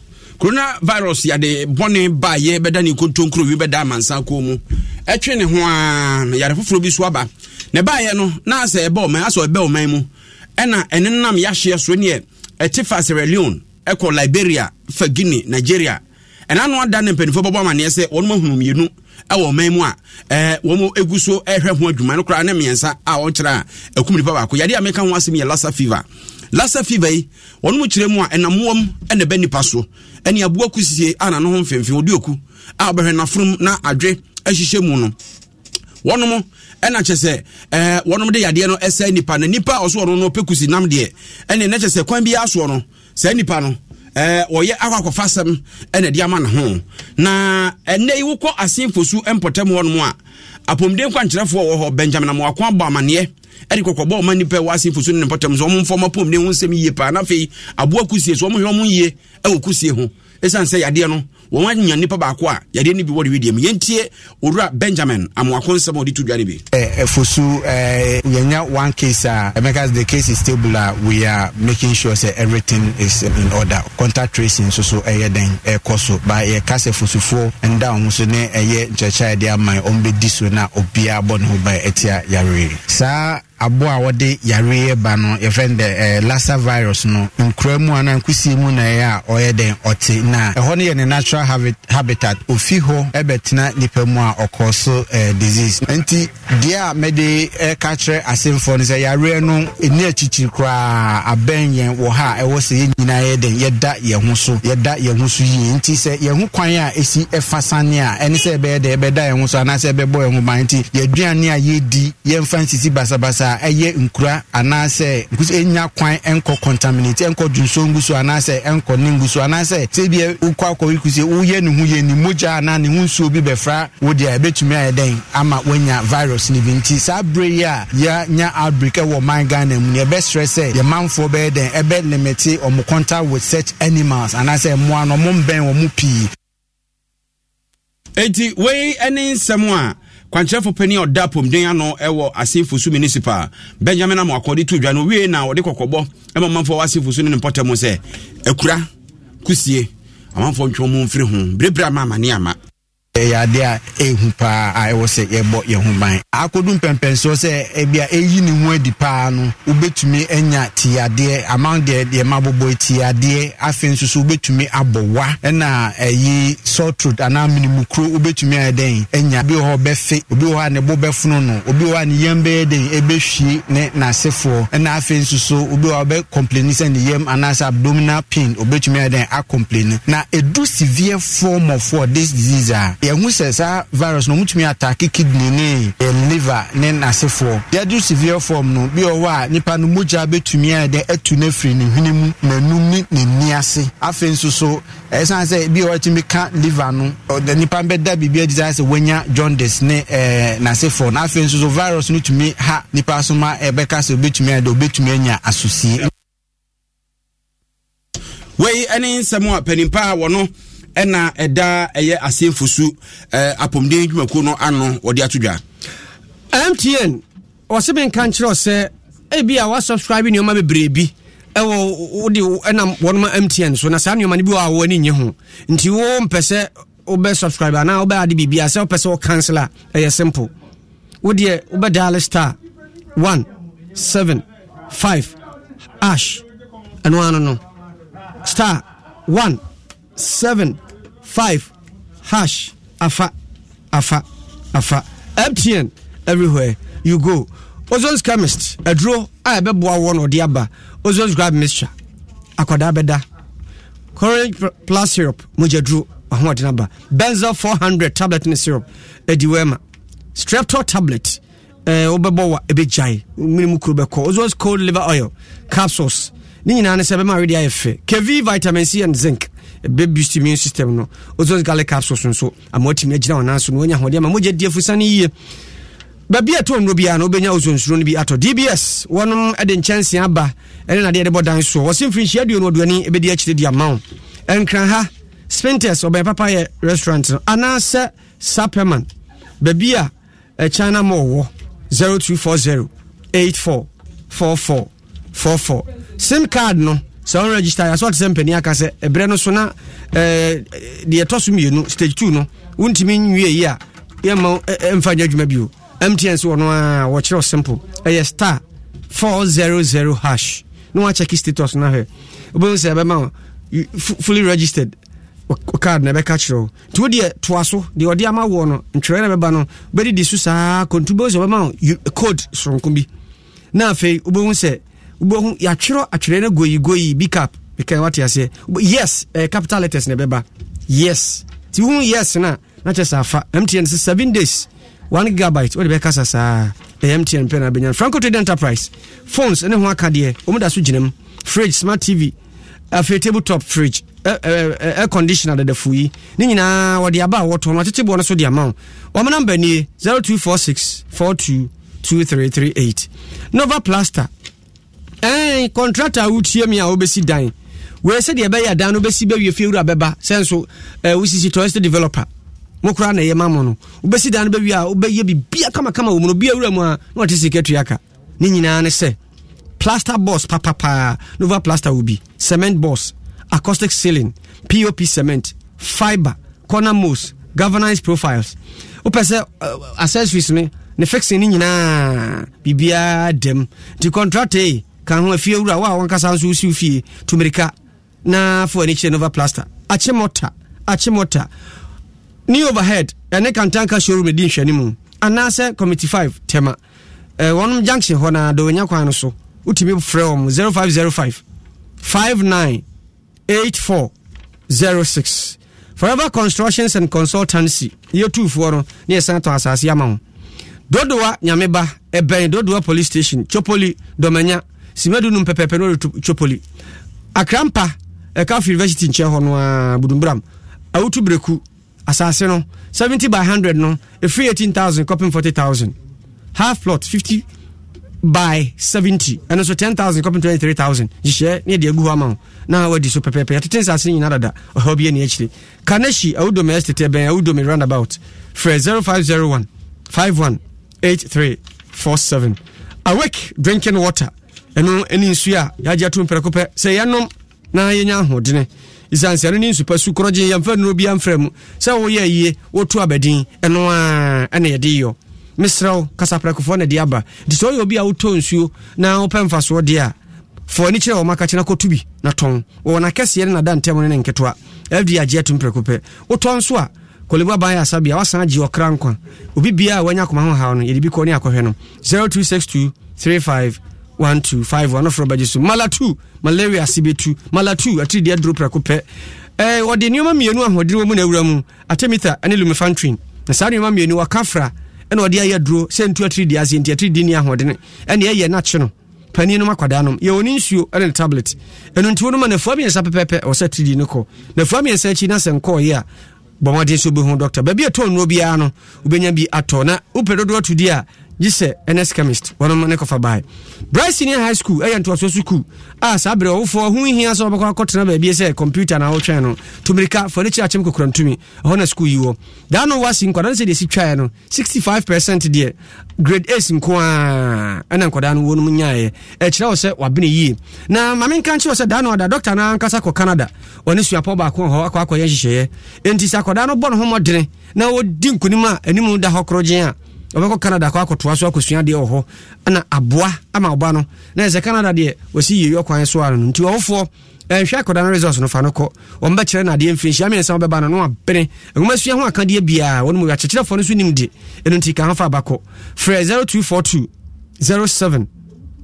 corona virus yɛde bɔne baayɛ bɛda ne nkontonkuro wi bɛda amansa kɔn mu ɛtwe ne ho a yare foforɔ bi so aba ne baayɛ no na sɛ ɛbɛ ɔman asɛ ɛbɛ ɔman mu ɛna ɛne nam yɛahyeɛ so neɛ ɛte fa sierra leone ɛkɔ liberia fa guinea nigeria ɛna no ada ne mpanimfoɔ bɔbɔ amanneɛ sɛ wɔnom ahunu mmienu ɛwɔ ɔman mu a ɛɛ wɔn egu so ɛhwɛ ho adwuma no koraa ne mmiɛnsa a ɔkyerɛ a ɛkum nipa baako yadeɛ a meka ho asɛm yɛ lassa fever lassa fever yi wɔn mu kyerɛ mu a wɔm ɛna ɛbɛ nipa so ɛne aboa kusie a n'ano ho mfimfini odi oku a ɔbɛhwɛ n'aforum na adwe ɛhyehyɛ mu no wɔnom ɛna kyɛ sɛ ɛɛ wɔn mu de yadeɛ no ɛsɛ nipa na nipa a ɔso ɔno no pɛ kusi nam deɛ ɛne ɛna kyɛ sɛ kwan bi asoɔ no sɛ nipa no ɛɛ wɔyɛ akɔakɔfa asɛm ɛna ɛde ama na ho na ɛnɛ yi wokɔ asenfosu mpɔtam hɔnom a apɔmuden kwankyerɛfoɔ wɔ hɔ benjamin amoako abɔ amanneɛ ɛde kɔkɔbɔ ɔma nnipa ɛwɔ ase fosu no ne pɔtam so ɔmo mfɔma pɔmuden ho nsɛm yie paa na afei aboa kusie so ɔmo hwɛ ɔmo yie ɛwɔ kusie ho ɛsiane sɛ yadeɛ no wɔn anya nipa baako a yadeɛ no bi wɔ de wi deɛ mu yɛntie owura benjamin amoako nsɛm a ɔde tu dwa no bi. efusu yɛnya one case uh, a because the case is stable a uh, we are making sure say everything is in order contact tracing soso so ɛyɛ den ɛkɔ so ba yɛ kasa efusufoɔ nda wɔn so ne ɛyɛ nkyɛnkyɛn de ama wɔn bɛ di so na obiara bɔ ne ho ba ɛtia yare saa abo a wɔde yareɛ ba no yɛfrɛ no dɛ ɛɛ eh, lassa virus no nkura mu anaa nkusie mu na ɛyɛ a ɔyɛ dɛn ɔte na ɛhɔ no yɛ ne natural habitat ofi hɔ ɛbɛtena nipa mu a ɔkɔ so eh, disease nti deɛ a mɛde ɛka kyerɛ asɛmfoɔ no sɛ yareɛ no ɛni akyikyiri koraa abɛn yɛn wɔ ha a ɛwɔ sɛ yɛn nyinaa yɛ dɛn yɛda yɛn ho so yɛda yɛn ho so yie nti sɛ yɛn ho kwan a ɛsi ɛfa sane a ɛne sɛ ɛbɛyɛ dɛ ɛbɛda yɛn ho so anaasɛ ɛbɛbɔ yɛn ho ban nti yɛaduane a yɛdi yɛmfa nsisi basabasa a ɛyɛ nkura anaasɛ nkusi enya kwan ɛnkɔ contaminate ɛnkɔ dunso ngu so anaasɛ ɛnkɔ ne ngu so anaasɛ sɛbi wokɔ akɔwe kusi woyɛ ne ho yɛ ne mogya anaa ne ho nsuo bi bɛfra wo deɛ ɛbɛtumi ayɛ dɛn ama woanya virus ne bi nti saa bere yi a yɛanya outbreak ɛwɔ man ghana mu ne ɛbɛsrɛ sɛ yɛmanfoɔ bɛyɛ dɛn ɛbɛ limite ɔmo contact with such animals anaasɛ mmoa no ɔmo mbɛn ɔmo pii. eti wei ne nsɛm a kwankyerɛfo pani ɔda apɔmuden ano wɔ asefo so municipal benjamin amo akɔde to dwa no wie na ɔde kɔkɔbɔ ma manfoɔ wɔ asefo so ne ne mpɔtam sɛ akura kusie amanfoɔ ntwɛn mu mfiri ho berebere ama amane ama ɛyɛ adeɛ a ɛhu paa a ɛwɔ sɛ yɛbɔ yɛn ho ban akɔdu mpɛmpɛnsoɔ sɛ ebi a ɛyi ne ho adi paa no wobɛtumi anya tiadeɛ aman deɛ deɛ ma bobɔ tiadeɛ afei nso so wobɛtumi abɔ wa ɛna ɛyi sɔtrot anaa minimukuro wobɛtumi ayɛ dɛn anya obi wɔ hɔ bɛfe obi wɔ hɔ a ne bo bɛfono no obi wɔ hɔ a ne yam bɛyɛ dɛn ɛbɛhwie ne n'asefoɔ ɛna afei nso so obi wɔ hɔ bɛkɔmpleni sɛ ne yam anaasɛ abdominal pain obɛtumi ayɛ dɛn akɔmpleni na ɛdu severe form of this disease a yɛhu sɛ saa virus no ɔmutumi atake kidney ne eh, liver ne nasefoɔ yɛdu severe form no bi ɔwɔ a nipa no mogya bɛtumi a yɛde atu no afiri ne hwene mu n'anum ne n'ani ase afei nso so ɛsan sɛ bi ɔwɔ tumi ka liver no ɔda nipa bɛda biribi adi sɛ sɛ wanya jaundice ne ɛɛ eh, nasefoɔ na afei nso so virus no tumi ha nipa so ma ɛbɛka sɛ obɛtumi a yɛde obɛtumi anya asosie. wei ne nsɛm a panimpa a wɔno ɛna ɛda ɛyɛ asɛmfo apɔmuden dwumakuo no ano wɔde ato dwa mtn ɔse me nkyerɛ sɛ ebi a wasubscribe nneɛma bebree bi ɛwɔ wode ɛnam wɔnom mtn so na saa nneɔma no bi wɔ a wɔani nye ho nti wo mpɛ sɛ wobɛ subscribe anaa biribia sɛ wopɛ sɛ ɛyɛ simple wodeɛ star ash ɛno ano no seven five hash afa afa afa MTN everywhere you go. Ozon's chemist aduro a ɛbɛboa wɔ ɔde aba Ozon's grab mixture akwadaa bɛda courage plus syrup mogyaduro ahoɔden aba benzo 400 tablet ne syrup adiwɛ ma streptol tablet wobɛbɔ eh, wa ɛbɛgyae minimu kuro bɛkɔ Ozon's cold liver oil capsules ne nyinaa ne sɛ ɛbɛma awede ayɛ fɛ kv vitamin c and zinc bɛbust immune system no ozos garlic capsules nso ama watumi agyina wɔnan so na wanya ahoɔden ama mogya di afusane yie baabi ɛtɔ nnuro biara na wobɛnya ozonsuro no bi atɔ dbs wɔnom de nkyɛnsee aba ɛne nadeɛ de bɔ dan soɔ wɔse mfirinhyia aduo no ɔduani bɛdi akyire di ama wo ɛnkra ha spintes ɔbɛn papa yɛ restaurant no anaasɛ saperman baabi a ɛchina ma ɔwɔ 0240 844444 sim card no sɛ wo register yɛ so ate sɛ mpani aka sɛ ɛberɛ no so na deɛ ɛtɔ mmienu stage two no wontumi nwie yi a yɛma ɛmfa nyɛ adwuma bio mtn so wɔno a wɔkyerɛ simple ɛyɛ star four zero zero hash na woakyɛke status no hwɛ wobɛhu sɛ ɛbɛma fully registered card na ɛbɛka kyerɛ wo nti wodeɛ toa so deɛ ɔde ama woɔ no ntwerɛ na bɛba no wobɛdedi so saa kontu bɛhu sɛ ɔbɛma code soronko bi na afei wobɛhu sɛ wobɛhu yɛatwerɛ atwerɛ no goyigoyi bicap meka wate aseɛ yes uh, capital letters na ɛbɛba yes nti wohu yes no a na kyɛ sɛ afa mtn sɛ 7 days 1 gigabyte wode bɛkasa saa ɛyɛ eh, mtn pɛ no bɛnya franco trade enterprise phones ne ho aka deɛ ɔmu da so gyinam fridge smart tv afei table top fridge eh, air conditioner eh, eh, conditioner dadafo yi ne nyinaa wɔde aba a wɔtɔ no akyekye boɔ no so de ama wo wɔma namba nie 0246 42 2338 nova plaster ɛn kɔntrata a wotie mi a wobɛsi dan wei sɛdeɛ ɛbɛyɛ dan no wobɛsi bɛwie fie wura bɛba sɛ nso eh, wosisi tourist developer mo koraa na ɛyɛ ma mo no wobɛsi dan no bɛwie a wobɛyɛ biribia kamakama wɔ mu no bia wura mu a na ɔte sika tua ka ne nyinaa ne sɛ plaster boss papapaa nova plaster wo cement boss acoustic ceiling pop cement fiber corner mos governance profiles wopɛ sɛ uh, accessories ne ne fixing ne nyinaa biribiaa dɛm nti contract ei eh, ka ho afie wura wo a wankasa nso wosiw fie tumirika na fa ani kyerɛ nova plaster akye mɔta akye mɔta ne overhead ɛne kantanka showroom di nhwɛne mu anaasɛ committee 5 tema eh, wɔnom junction hɔ naa dɛ ɔnya kwan no so wotumi frɛ wɔ m 0505 598406 forever constructions and consultancy yɛtufoɔ no ne yɛsan tɔn asase ama ho dodowa nyameba ɛbɛn dodowa police station chopoli dɔmanya simadu num pɛpɛpɛ no chopoli akrampa ɛka fi university nkyɛn hɔ no a budumburam awutu breku asase no 70 by 100 no ɛfiri 18000 copin 40000 half plot 50 by 70 ɛno so 10000 copin 23000 nhyehyɛ ne yɛde agu hɔ ama wo na wadi so pɛpɛpɛ yɛtete nsase no nyina dada ɔhaw bi ani akyire kanahyi awudome ɛstete bɛn awudome roundabout frɛ 0501 518347 awake drinking water ɛno ne nsu a yɛagye ato mprɛko pɛ sɛ yɛnom na yɛnya ahodene ɛsiane sɛ ɛno ne nsu pa su korɔgye yɛmfa nnuro bia mfrɛ mu sɛ woyɛ yie woto abadin ɛno a ɛne yɛde yɔ meserɛ wo kasaprɛkofoɔ na de aba nti sɛ woyɛ obi a wotɔ nsuo na wopɛ mfasoɔ deɛ a fo ani kyerɛ wɔma ka kyena kɔto bi na tɔn wɔwɔ nakɛseɛ ne nada ntɛm no ne nketewa fdi agye ato mprɛko pɛ wotɔ nso a kɔlebu aban yɛ asabea wasan agye ɔkra nkwa obi bia biaa wanya akoma ho haw no yɛde bi kɔ ne akɔhwɛ no 0262 35 one two five one ɔfrɔ bɛgye so mala two malaria sibe two mala two atiri deɛ duro prɛko pɛ ɛɛ eh, wɔde nneɛma mmienu ahoɔden wɔ mu na awura mu atemita ɛne lumefantrin na saa nneɛma mmienu wakafra ɛna ɔde ayɛ duro sɛ ntu atiri deɛ aseɛ nti atiri deɛ ne ahoɔden ɛna ɛyɛ n'akyi no panin nom akwadaa nom yɛwɔ ne nsuo ɛne ne tablet ɛno nti wɔnom a nafua mmiɛnsa pɛpɛpɛ ɔwɔ sɛ atiri deɛ no kɔ nafua mmiɛnsa akyi na sɛ nkɔɔyɛ a bɔmmɔden so bɛhu dɔkta baabi ɛtɔ nnuro biara no wobɛnya bi atɔ na wopɛ dodoɔ to a gye sɛ ns chemist wɔnom ne kɔfa bae bright senior high school ɛyɛ ntoasoɔ so kuu a saa berɛ ɔwofoɔ ho hia sɛ wɔbɛkɔ akɔtena baabie sɛ computer na wotwɛn no tomirika fɔne kyerɛ akyɛm kokora ntumi ɛhɔ na school e, yi wɔ daa no wasi nkwadaa no sɛ deɛ si twaeɛ no 65 percent deɛ grade as nko a ɛna nkwadaa no wɔnom nyaeɛ ɛkyerɛ wo sɛ wabene yie na mame nka nkyerɛ wɔ sɛ daa no ada dɔctor no ankasa kɔ canada ɔne suapɔ baako hɔ akɔ akɔyɛ nhyehyɛeɛ enti sɛ akwadaa no bɔ ne ho mmɔdene na wɔdi nkonim a anim da hɔ korɔgyen a ɔbɛkɔ canada kɔ akɔtoa so akɔsua deɛ wɔ hɔ ɛna aboa ama ɔba no na ɛsɛ canada deɛ wɔsi yɛyi ɔkwan so ano no nti ɔwofoɔ ɛnhwɛ akɔda no resort no fa no kɔ ɔmbɛkyerɛ no adeɛ mfirinhyia mmiɛnsa wobɛba no no abene ɛnwoma sua ho akadeɛ biaa wɔno mu akyekyerɛfoɔ no so nim de ɛno nti ka ho fa abakɔ frɛ 0242 07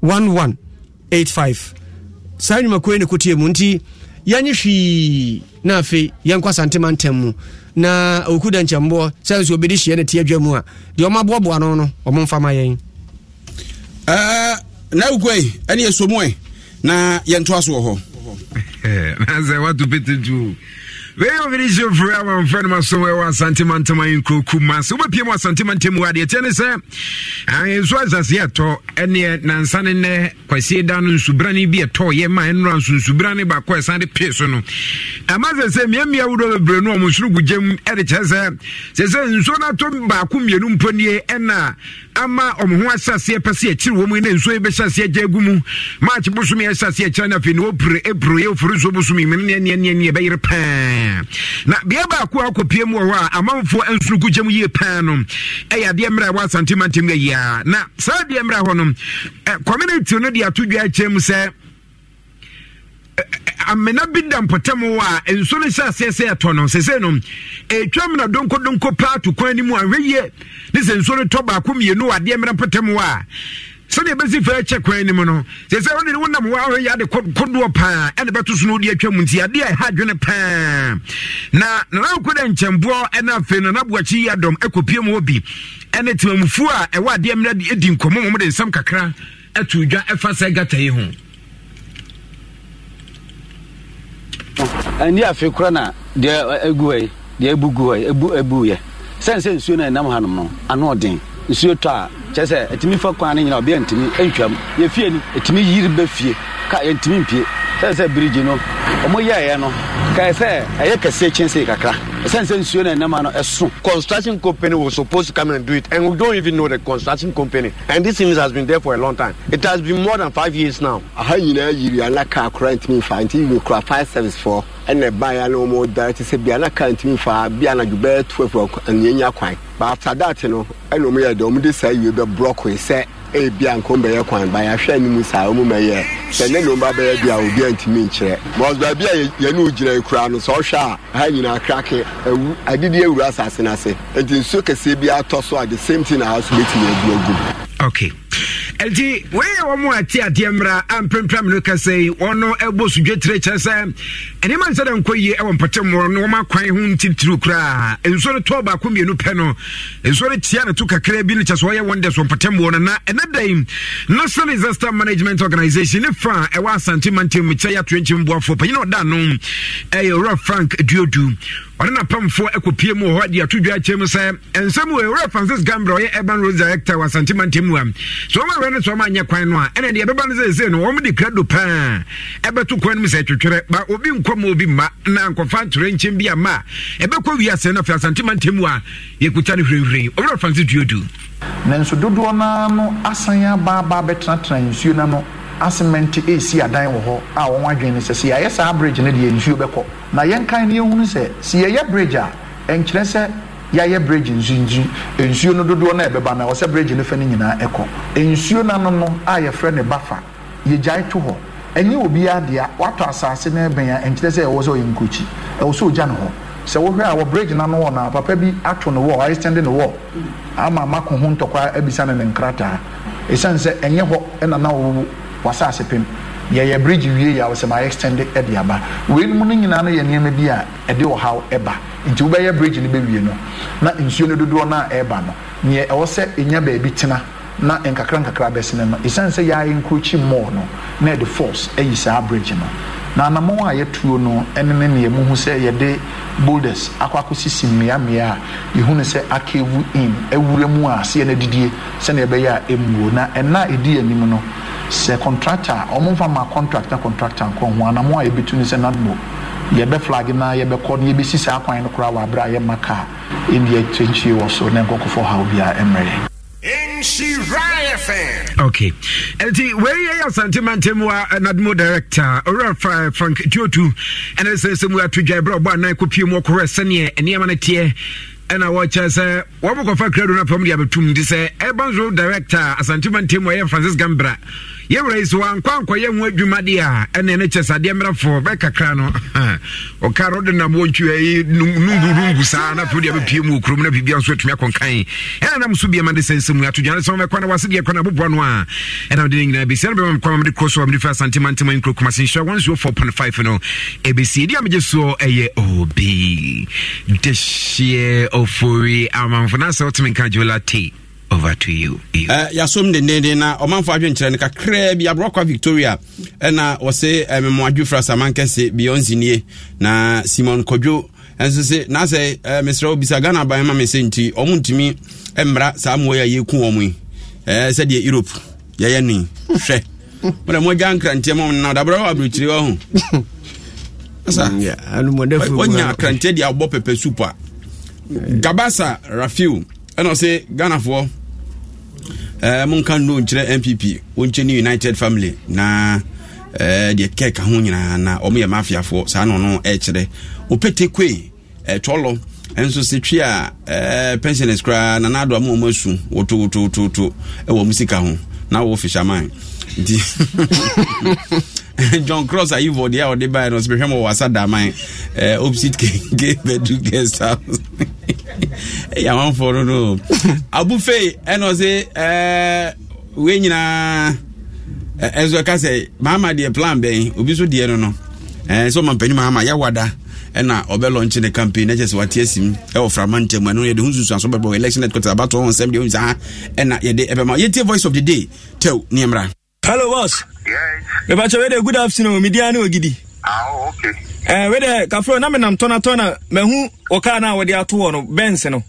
1185 saa nnwumakoe ne kɔtie mu nti yɛnye hwii na afei yɛnkɔ asantema ntam mu na ɔku da nkyɛmboɔ sɛ nso obɛdi hyeɛ no te adwa mu a deɛ ɔmaboaboa no no ɔmo mfama yɛn na wokoi ɛne yɛsomu na yɛntoa so wɔ hɔ wei ovinihye mfiri a wamfɛ no maso ɛwɔ asantema ntama yi nkuroku ma sɛ wobɛpie mu asantema ntam wɔ adeɛ tiɛ ne sɛ nso asase ɛtɔ ɛneɛ nansa ne nnɛ kwasie da no nsubrane bi ɛtɔ yɛ ma ɛnora nso nsubrane baakɔ ɛsan de pee so no ama sɛ sɛ mmeammea wodoɔ bebree no ɔmo nsoro gu ɛde kyerɛ sɛ sɛ sɛ nsuo no atɔ baako mmienu mpo nie ɛna ama ɔmo ho ahyɛseɛ pɛ sɛ yɛkyere mu na nsuo yi bɛhyɛseɛ gya gu mu maakye bosom yɛ hyɛseɛ kyerɛ no afei na wɔpire ɛpire yɛwofiri nsuo bosom yim neneneneneɛ ɛbɛyere paa na beɛ baako a akɔpie mu wɔ hɔ a amanfoɔ ansunuku gyam yie paa no ɛyɛ adeɛ mmerɛ a ɛwɔ asantemantam yɛ na saa adeɛ mmerɛ hɔ no community no de ato dwa kyerɛ mu sɛ amena bi da mpɔtam wɔ a nso no hyɛ aseɛ sɛ no sɛsɛ no ɛtwam na donkodonko paa to kwan no mu ahwɛ yie ne sɛ nso no tɔ baako mmienu wɔ adeɛ mmera mpɔtam wɔ a sɛdeɛ ɛbɛsi fa kyɛ kwan no mu no sɛsɛ wode ne wonam wɔ yɛ ade kodoɔ paa ɛne bɛto so no wode atwa mu nti adeɛ a ɛha adwene paa na nanawokoda nkyɛmboɔ ɛna afei no naboakyi yi adɔm ɛkɔpie mu hɔ bi ɛne timamufuo a ɛwɔ adeɛ mmerɛ de ɛdi nkɔmmɔ mɔmde nsɛm kakra ato dwa ɛfa sɛ gata yi ho ndị afei kora na deɛ egu egwu yi deɛ ebu gu nsuo na ɛnam ha nom nsuo tɔ a kyerɛ sɛ ɛtumi fa kwan no nyina ɔbɛyɛ ntumi ntwam yɛfie ni ɛtumi yiri bɛfie ka yɛntumi mpie sɛ sɛ birigye no ɔmo yɛɛyɛ no kaɛ sɛ ɛyɛ kɛseɛ kyɛnsee kakra ɛsiane sɛ nsuo no ɛnɛma no ɛso construction company was supposed to come and do it and we don't even know the construction company and this thing has been there for a long time it has been more than five years now aha nyinaa yiri anaka akora ntumi mfa nti yiri kora fire service for ɛna ɛbaeɛ no wɔn da te sɛ bia na kaa ntumi fa bia na dwobɛ tuafua anuanya kwan baafta dat no ɛna wɔn yɛ dɛ wɔn de saa yie bɛ brɔko sɛ ebia nko bɛyɛ kwan ba yɛahwɛ anim saa wɔn mɛyɛ sɛ ne na wɔn ba bɛyɛ bia obi a ntumi nkyerɛ bɔs baabi a yɛne gyina ekura no sɛ ɔhwɛ a ha nyinaa krake ewu adidi ewura asase n'ase nti nsuo kɛseɛ bi atɔ so a the same thing na ha so betumi ebi egu okay nti wɔyɛ wɔn a ti adeɛ mmra a mprempren mu no kasa yi wɔn ɛbɔ sudwe tire kyerɛ sɛ nneɛma nsa da nkɔ yie ɛwɔ mpɔtɛm wɔ no wɔn akwan ho ntiritiri koraa nsuo no tɔɔ baako mmienu pɛ no nsuo no tia no to kakra bi no kyɛ sɛ ɔyɛ wɔn dɛ so mpɔtɛm wɔ no na ɛna da national disaster management organisation ne fa ɛwɔ asante mantam mu kyɛ yɛ ato nkyɛn mboafo panyin a ɔda ano ɛyɛ owura frank duodu ɔne napamfoɔ akɔpie mu wɔ hɔ de ato dwa akyɛ mu sɛ ɛnsɛm wɔ ɛwura francis gambra ɔyɛ urban rose director wɔ asantemantam mu a so ɔma awura no sɛ ɔma anyɛ kwan no a ɛna deɛ ɛbɛba no sɛ ɛsei no wɔmde krado paa ɛbɛto kwan no mu sɛ ba obi nkɔ ma obi mma na nkɔfa ntorenkyɛm bi ama a ɛbɛkɔ wie asɛn no afei asantemantam mu a yɛkuta no hwirihwiri ɔwura francis duodu nanso dodoɔ naa no asan aba bɛtenatena nsuo na no asemɛnte esi adan wɔ hɔ a wɔn adwene no sɛ yɛayɛ saa bridge no deɛ nsuo bɛkɔ na yɛnkan no yɛhunu sɛ sɛ yɛyɛ bridge a ɛnkyerɛ sɛ yɛayɛ bridge nsuo no dodoɔ ɛbɛba na ɛwɔ bridge no fɛ nyinaa ɛkɔ nsuo no no a yɛfrɛ ne bafa no ɛbɛn a ɛnkyerɛ sɛ hɔ sɛ wohwɛ a wɔ bridge na papa bi ato ne wɔ ama ho ntɔkwa abisa ne sɛ ɛnyɛ hɔ wasaase pem yɛyɛ bridge wie yɛ awosɛm ayɛ extend ɛde aba weinom no nyinaa no yɛ nneɛma bi a ɛde ɔhaw ɛba nti wobɛyɛ bridge no bɛwie no na nsuo no dodoɔ no a ɛreba no neɛ ɛwɔ sɛ ɛnya baabi tena na nkakra nkakra bɛsene no ɛsiane sɛ yɛayɛ nkurokyi mmɔɔ no na ɛde force ayi saa bridge no na anamɔn a yɛtuo no ɛne ne nea mu ho sɛ yɛde boulders akɔ akɔsisi mmeammea a yɛhu no sɛ akevu in awura mu a seɛ no adidie sɛnea ɛbɛyɛ a ɛmmuo na ɛna ɛdi anim no sɛ contractor a ɔmomfa ma contract na contractor nkɔ ho anamɔn a yɛbɛtu no sɛ nadmo yɛbɛ na yɛbɛkɔ no yɛbɛsi saa kwan no koraa wɔ aberɛ a yɛma kaa ɛndeɛ atwanhyie wɔ so ne nkɔkɔfoɔ haw bi a ɛmmerɛ in Shiraya fan. Okay. And the way I sentiment him were another director, or Frank Jotu, and I say somewhere to Jabra, but I could be more correct, Senior, and Yamanetier. ɛna wɔkyɛ sɛ wɔbɛkɔfa krado no apam de abɛtum nti sɛ ɛbanso director asantemantam wɔyɛ francis gambra yɛwerɛ sɛ wankɔ ankɔyɛ ho adwuma deɛ a ɛne ne kyɛ sadeɛ mmerɛfoɔ bɛkakra no ɔka no wode nam wɔntwiai nungurungu saa na afei wode abɛpie mu okurom na biribia nso atumi akɔnkan ɛna nam so biama de sɛnsɛ mu ato dwane sɛ womɛkɔ na wasedeɛ kwa no aboboa no a ɛnam de no nyinaa bɛsia no bɛma mekɔ mede kɔ so a mede fi asantemantema nkuro kumase nhyira 104.5 no ɛbɛsie deɛ megye soɔ ɛyɛ obi dehyeɛ ɔfori amamfo na sɛ woteme nka jola te over to you. Eh, yɛasom dendenden na ɔmanfo adwenkyerɛ no kakraa bi aborɔkwa victoria ɛna ɔse eh, memo adwofra samankɛse beyonce nie na simon kɔdwo ɛnso se na sɛ eh, mesrɛ wo ghana ban ma me sɛ nti ɔmo ntumi mmra saa mmoa yɛ yɛku wɔ mu yi sɛdeɛ europe yɛyɛ ne hwɛ mode mogya nkranteɛ ma mnena dabrɛ wɔ aberɛkyire wa ho wonya akranteɛ deɛ abɔ pɛpɛ sup gabasa rafil ɛna ɔse ghanafoɔ Eh, monka no nkyerɛ mpp wɔnkyɛ ne united family na eh, deɛ kɛka ho nyinaa na ɔmo yɛ mafiafoɔ saa na ɔno ɛkyerɛ opete kwe ɛtɔlɔ eh, ɛnso setwi a pensioners koraa nana do a mo ɔmo asu wotowotowotowoto ɛwɔ mo sika ho na wɔwɔ fisherman nti john cross ayivo deɛ a ɔde baɛ no sbɛhwɛ ma wɔ asa daman opsit keke bɛdu guest house ɛyɛ amanfoɔ no no abufei ɛnɔ eh, se eh, wei nyinaa ɛnso eh, ɛka sɛ maama deɛ plan bɛn obi so deɛ no no sɛ ɔma mpanim ama yɛwada ɛna ɔbɛlɔnkye ne campaign ɛkyɛ sɛ wate asim ɛwɔ frama ntam ɛno yɛde ho nsusu aso bɛbɔ election headquarters abatɔ ho nsɛm deɛ ɔnsɛm ɛna yɛde ɛbɛma yɛtie voice of the day tɛw ne mmra hello boss Yes. mepatwɛ wede good afternoon media ne ɔgidi ah, eh, wede kafrɛ na menam tɔnatɔna mahu ɔkaa no a wɔde atoɔ no bens ah, ah, no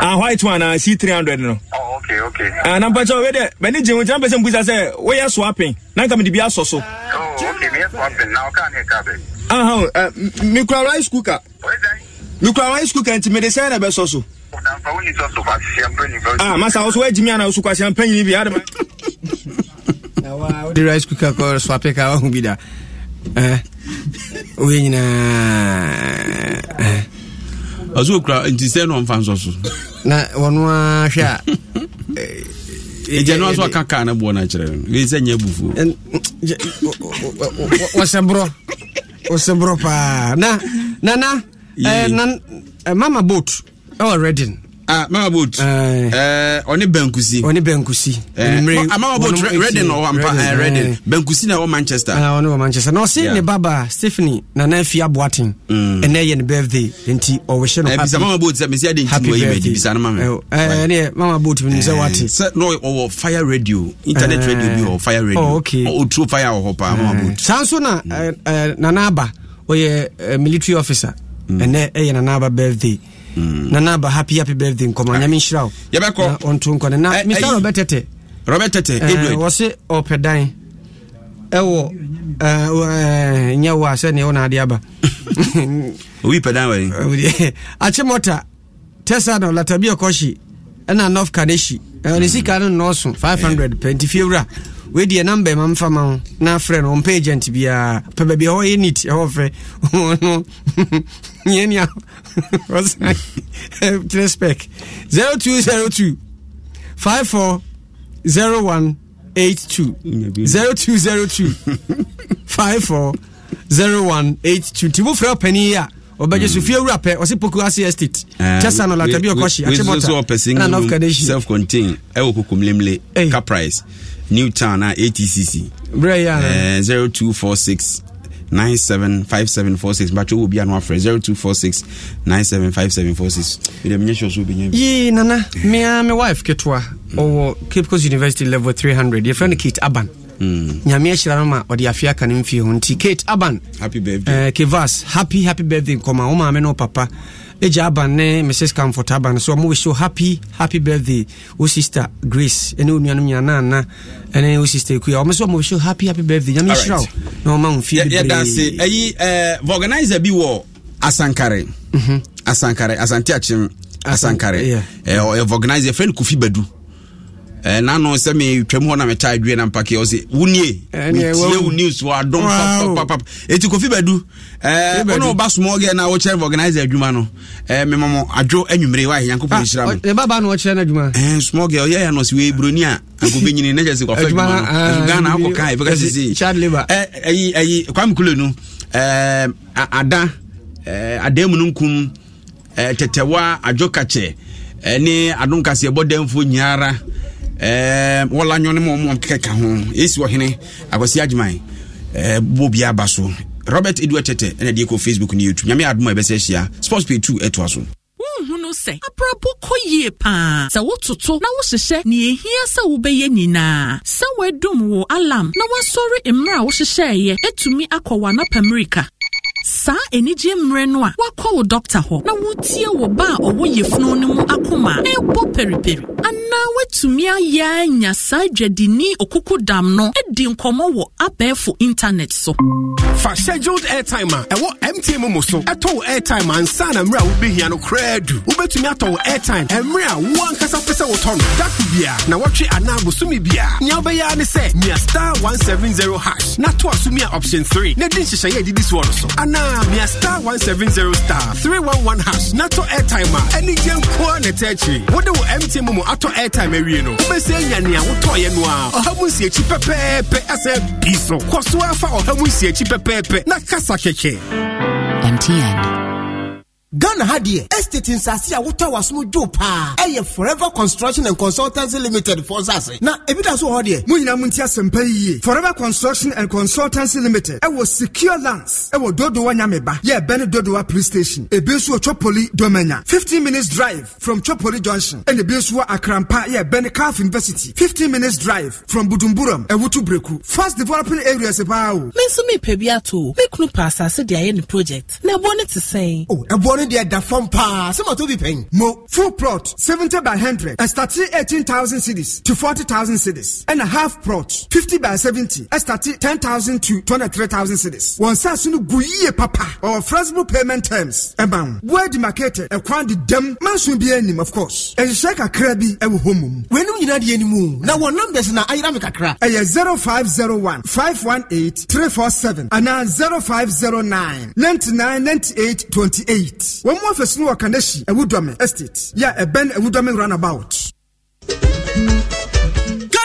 Ah, white one, uh, c hundred no. Oh, ok ok. Ah, na mpacho we de, bani je won jambe se mbuza se, we ya swapping. Na nka me de bia soso. Oh, okay, me swapping. Na o ka ne ka be. Ah, ha, eh, me kura rice cooker. We dai. Me kura rice cooker nti me de se na be soso. Na mpa woni soso ba se ampa ni. Ah, masa wo so wa jimi ana wo so kwa se ampa bi adama wode rice cooker kɔ swape ka wahu bi da woyɛ eh, nyinaa eh, eh. ɔsɛ ɔkura nti sɛ na ɔmfa nsɔ so na wɔno a hwɛ a ɛgya no a so aka kaa no boɔ no akyerɛ no wei sɛ nyɛ bufuo wɔsɛborɔ wɔsɛborɔ paa na nana mama boat ɛwɔ redin ah mama boot mama boot na manchester ah, manchester na ɔsi ne baba stephanie nana fi aboaten ɛnɛ yɛ ne birthday nti ɔwɔhyɛ no happy mama boot mama boot fire radio internet eh. radio fire radio oh, fire eh. boot nso na nana mm. eh, aba ɔyɛ military officer ɛnɛ ɛyɛ nana aba birthday mm. na naba happy happy birthday nkɔmɔ nyame nhyira wo yɛbɛkɔ ɔnto nkɔne na eh, misa eh, robert tete robert tete eh, wɔ eh, eh, se ɔpɛ dan ɛwɔ nyɛ wo a sɛneɛ wo naade aba owi pɛ dan wɛ akye mɔta tesano latabia kɔhye ɛna nof kaneshi ne sika no nnɔɔso 500 pɛ nti fie wura wedeɛ namba ma mfa ma ho na frɛ no ɔmpɛ agent biaa pɛ baabi ɛhɔ yɛ nit ɛhɔ frɛ no yɛnia kyerɛ spec 0202 54 01 82 0202 54 01 82 nti wofrɛ ɔpani yi a ɔbɛgye so fie wura pɛ ɔse poku ase estate kyɛsa no latabi ɔkɔhye akyebɔtana nɔf ka nehyi self contain ɛwɔ kokomlemle ka price New town atcc berɛ yɛ 0246 975746 mbacho wo bia no afrɛ 0246 975746 mede menyɛ sure sɛ wobɛnya bi nana mea uh, me wife ketewa ɔwɔ mm. cape coast university level 300 yɛfrɛ no kate aban Mm. nyame ahyira no ma ɔde afei aka mfie ho nti kate aban happy birthday uh, kevas happy happy birthday nkɔma wo maame ne papa agya aban ne mrs camfort aban so ɔmo wish you happy happy birthday wo oh sister grace ɛne wo nuanom nyinaa naana ɛne wo sister ekuya ɔmo so ɔmo wish you happy happy birthday nyame nhyira wo na ɔma wo mfie bebree yɛdanse ɛyi eh, ɛɛ eh, vɔganizer bi wɔ asankare mm-hmm. asankare asante akyem asankare ɛɛ eh, ɔyɛ vɔganizer fɛn kofi badu Eh, nano sɛ metwam hɔ na meta adwue na mpake ɔ sɛ wonie eh, metie wo news wɔ adom papapap ɛti kofi badu wone woba smɔgɛ na wokyerɛ organiser adwuma no eh, memamɔ adwo anwummere wa nyankopɔn ah, nhyira mobaba na wɔkyerɛ no adwuma smɔgɛ ɔyɛyɛ nɔ sɛ wei buroni a ankobɛnyini na kyɛ sɛ kɔfa adwuma no ah, ghana akɔka ɛbɛkasɛsɛi kule no ada adamu no nkum tɛtɛwa adwo kakyɛ ne adomkaseɛbɔ damfoɔ nyiara wɔla nwɔne ma ɔmo keka ho esi ɔhene akwasi adwuman ehm, bɔ bia aba so robert edu tete ɛna deɛ kɔ facebook ne youtube nyame adom a ɛbɛsɛ ahyia sports pay 2 ɛtoa so wohunu sɛ abrabɔ kɔ yie paa sɛ wototo na wohyehyɛ nea ehia sɛ wobɛyɛ nyinaa sɛ woadum wo alam na woasɔre mmerɛ a wohyehyɛeɛ atumi akɔ w'anapa mmirika saa anigye mmerɛ no a wakɔ wo dɔkta hɔ na wotie wɔ ba a ɔwɔ yafunu no mu akoma a ɛrebɔ periperi anaa woatumi ayɛ anya saa dwadini okoko dam no di nkɔmmɔ wɔ abɛɛfo internet so fa scheduled airtime a ɛwɔ mtm mu so ɛtɔ wo airtime ansa na mmerɛ a wobɛhia no koraa du wobɛtumi atɔ wo airtime ɛmmerɛ a wo ankasa pɛ sɛ wotɔ no dako bia na wɔtwe anaa bosome bia nea wobɛyɛ ne sɛ nia star 170 hash na to a a option 3 na di nhyehyɛeɛ adidi soɔ no so na mia star 170 star 311 hash na to airtime a ɛne gye nkoa ne ɛtɛ akyiri wode wo mtm mu atɔ airtime awie no wobɛsɛ anya nea wotɔɔyɛ no a ɔha mu nsiakyi pɛpɛɛpɛ asɛ bi so kɔ so afa ɔha mu nsiakyi pɛpɛɛpɛ na kasa kɛkɛ mtn ghana ha deɛ estate nsase a wotɔ wasom dwo paa ɛyɛ forever construction and consultancy limited fɔ nsase na ebi da so wɔ hɔ deɛ mo nyinaa mo nti asɛmpa yi yie forever construction and consultancy limited ɛwɔ secure lands ɛwɔ dodowa nyameba yɛ ɛbɛn dodowa police station ebi nso wɔ chopoli domenya fifteen minutes drive from chopoli junction ɛna ebi nso wɔ akrampa yɛ ɛbɛn Kaf university fifteen minutes drive from budumburam ɛwutu breku fast developing areas paa o. mi mi pɛ ato mi kunu pa asase de ayɛ ni project na ɛbɔ ne ti sɛn. o oh, ɛbɔ ne ne deɛ da fam paa sɛ to bi pɛn. mo full plot seventy by hundred ɛstati eighteen thousand cedis to forty thousand cedis ɛna half plot fifty by seventy ɛstati ten thousand to twenty-three thousand cedis. wɔn nsa so no gu yie papa ɔwɔ flexible payment terms ɛma wo word marketed ɛkwan de dɛm mansion bi anim of course ɛhyehyɛ kakra bi ɛwɔ hɔ mom. wɛnum nyinaa deɛ ni mu na wɔn numbers na ayira mi kakra. ɛyɛ zero five zero one five one eight three four seven ana zero five zero nine ninety nine ninety eight twenty eight wɔn mu afɛsini wɔ kanehyi awudwame estate yɛ ɛbɛn awudwame runabout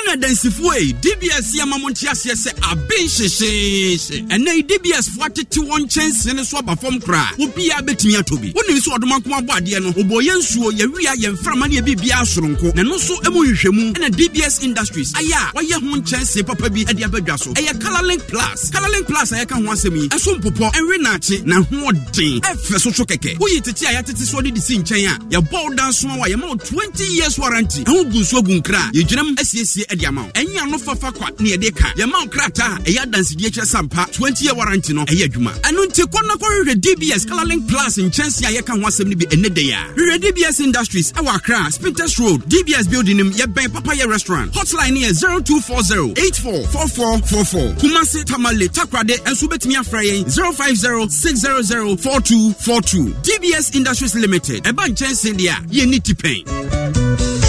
ɛna dansifoɔ yi dbs yɛ ma mo nte aseɛ sɛ aben hyehyeehye ɛnɛ yi dbs foɔ atete wɔn nkyɛnsee no so aba fam koraa wobiaa bɛtumi atɔ bi wonim sɛ ɔdoma nko abɔ adeɛ no wɔbɔ yɛ nsuo yɛwia yɛmframa ne yɛbiribiaa soronko na ɛno nso mu nhwehwɛmu ɛna dbs industries ayɛ a wɔyɛ ho nkyɛnsee papa bi de abadwa so ɛyɛ colorlink plus colorlink plus a yɛka ho asɛm yi ɛso mpopɔ ɛnwe naakye na hoɔden ɛfɛ soso so kɛkɛ woyi tete a yɛatete soɔ de de si nkyɛn a yɛbɔ wo dansoa wɔ yɛma wo 20 years warranty ɛho gu nsuo gu nkra yɛgyinam asiesie de ama wo ɛnyɛ ano fafa kwa ne yɛde ka yɛma wo krataa a ɛyɛ adansedie kyerɛ sampa 20 yɛ warranty no ɛyɛ adwuma ɛno nti kɔ na kɔhwehwɛ dbs colorlink plus nkyɛnse a yɛka ho asɛm no bi ɛnɛ dɛ a hwehwɛ dbs industries ɛwɔ akra spinters road dbs building nim yɛbɛn papayɛ restaurant hotline ne yɛ four four. kumase tamale takrade ɛnso wobɛtumi afra yɛn two. dbs industries limited ɛba nkyɛnse deɛ a yɛnni tipɛn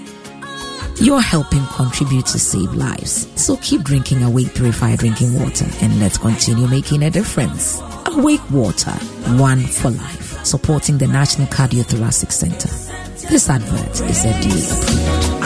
you're helping contribute to save lives. So keep drinking Awake Purified Drinking Water and let's continue making a difference. Awake Water, one for life. Supporting the National Cardiothoracic Center. This advert is FDA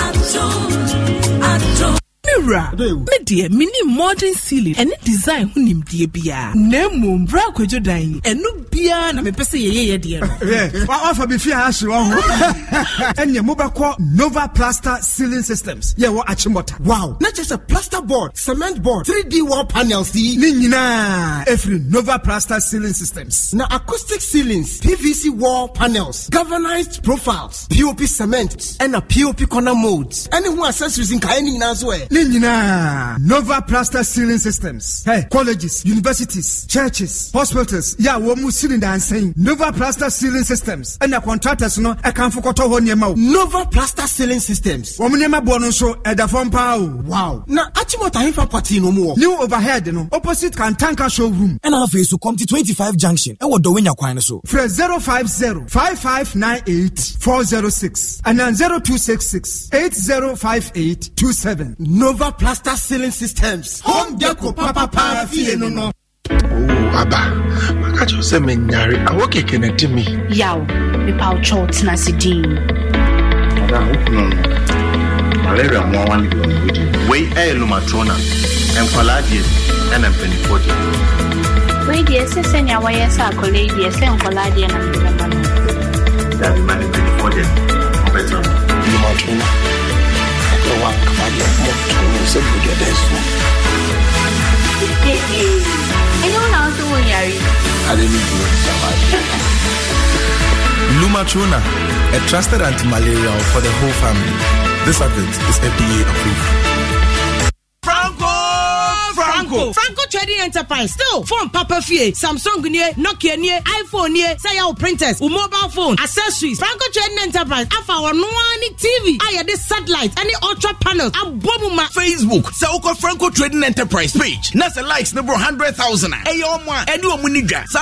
approved. mewura me deɛ menim modern ceiling ɛne design ho nimdeɛ biara na mmom berɛ akwadwo dan yi ɛno biara na mepɛ sɛ yɛyɛyɛ deɛ no wafa a ahye wɔ ho ɛneɛ mobɛkɔ nova plaster ceiling systems yɛwɔ akyemmɔta wow na kyerɛ sɛ plaster board cement board 3d wall panels yi ne nyinaa ɛfiri nova plaster ceiling systems na acoustic ceilings pvc wall panels galvanized profiles pop cement ɛna pop corner modes ɛne ho accessories nkaeɛ ne nyinaa nso ɛ eh. ne nyinaa nova plaster ceiling systems hey, colleges universities churches hospitals yɛ a wɔn mu siri dansɛn nova plaster ceiling systems ɛna contractors no ɛkanfo kɔtɔ hɔ nneɛma o. nova plaster ceiling systems. wɔn nneɛma boɔ no nso ɛda fam paa o. wow na achimota ahemfa pati no mu wɔ. new overhead no opposite kantanka showroom. ɛna afei so kɔmti twenty five junction ɛwɔ dɔwɛnya kwan no so. frɛ zero five zero five five nine eight four zero six ɛna zero two six six eight zero five eight two seven. nova plaster ceiling systems home deco Papa fie no no aba maka kyerɛ sɛ menyare awɔ kɛkɛ na di me yaw mepa wo kyɛ wo tena ase din malaria mmoawa ne wodi wei ɛyɛ lomatrona nkwalaa deɛ ɛna wei deɛ ɛsɛ sɛnea wɔyɛ sɛ akɔla yi deɛ sɛ na mebɛma no dabi ma ne mpanifoɔ deɛ စိတ်ကိုကြတဲ့ဆုံး Anyone else who yari? I didn't do it. Lumatrona, a trusted anti-malarial for the whole family. This advent is FDA approved franco franco trading enterprise still phone papa fie samsung nie nokia nie iphone nie sɛ printers wo mobile phone accessories franco trading enterprise afa wɔno ara tv ayɛ de satellite any ultra panels abɔ mu ma facebook Say franco trading enterprise page na likes number 100000 a ɛyɛ ɔmo a ɛne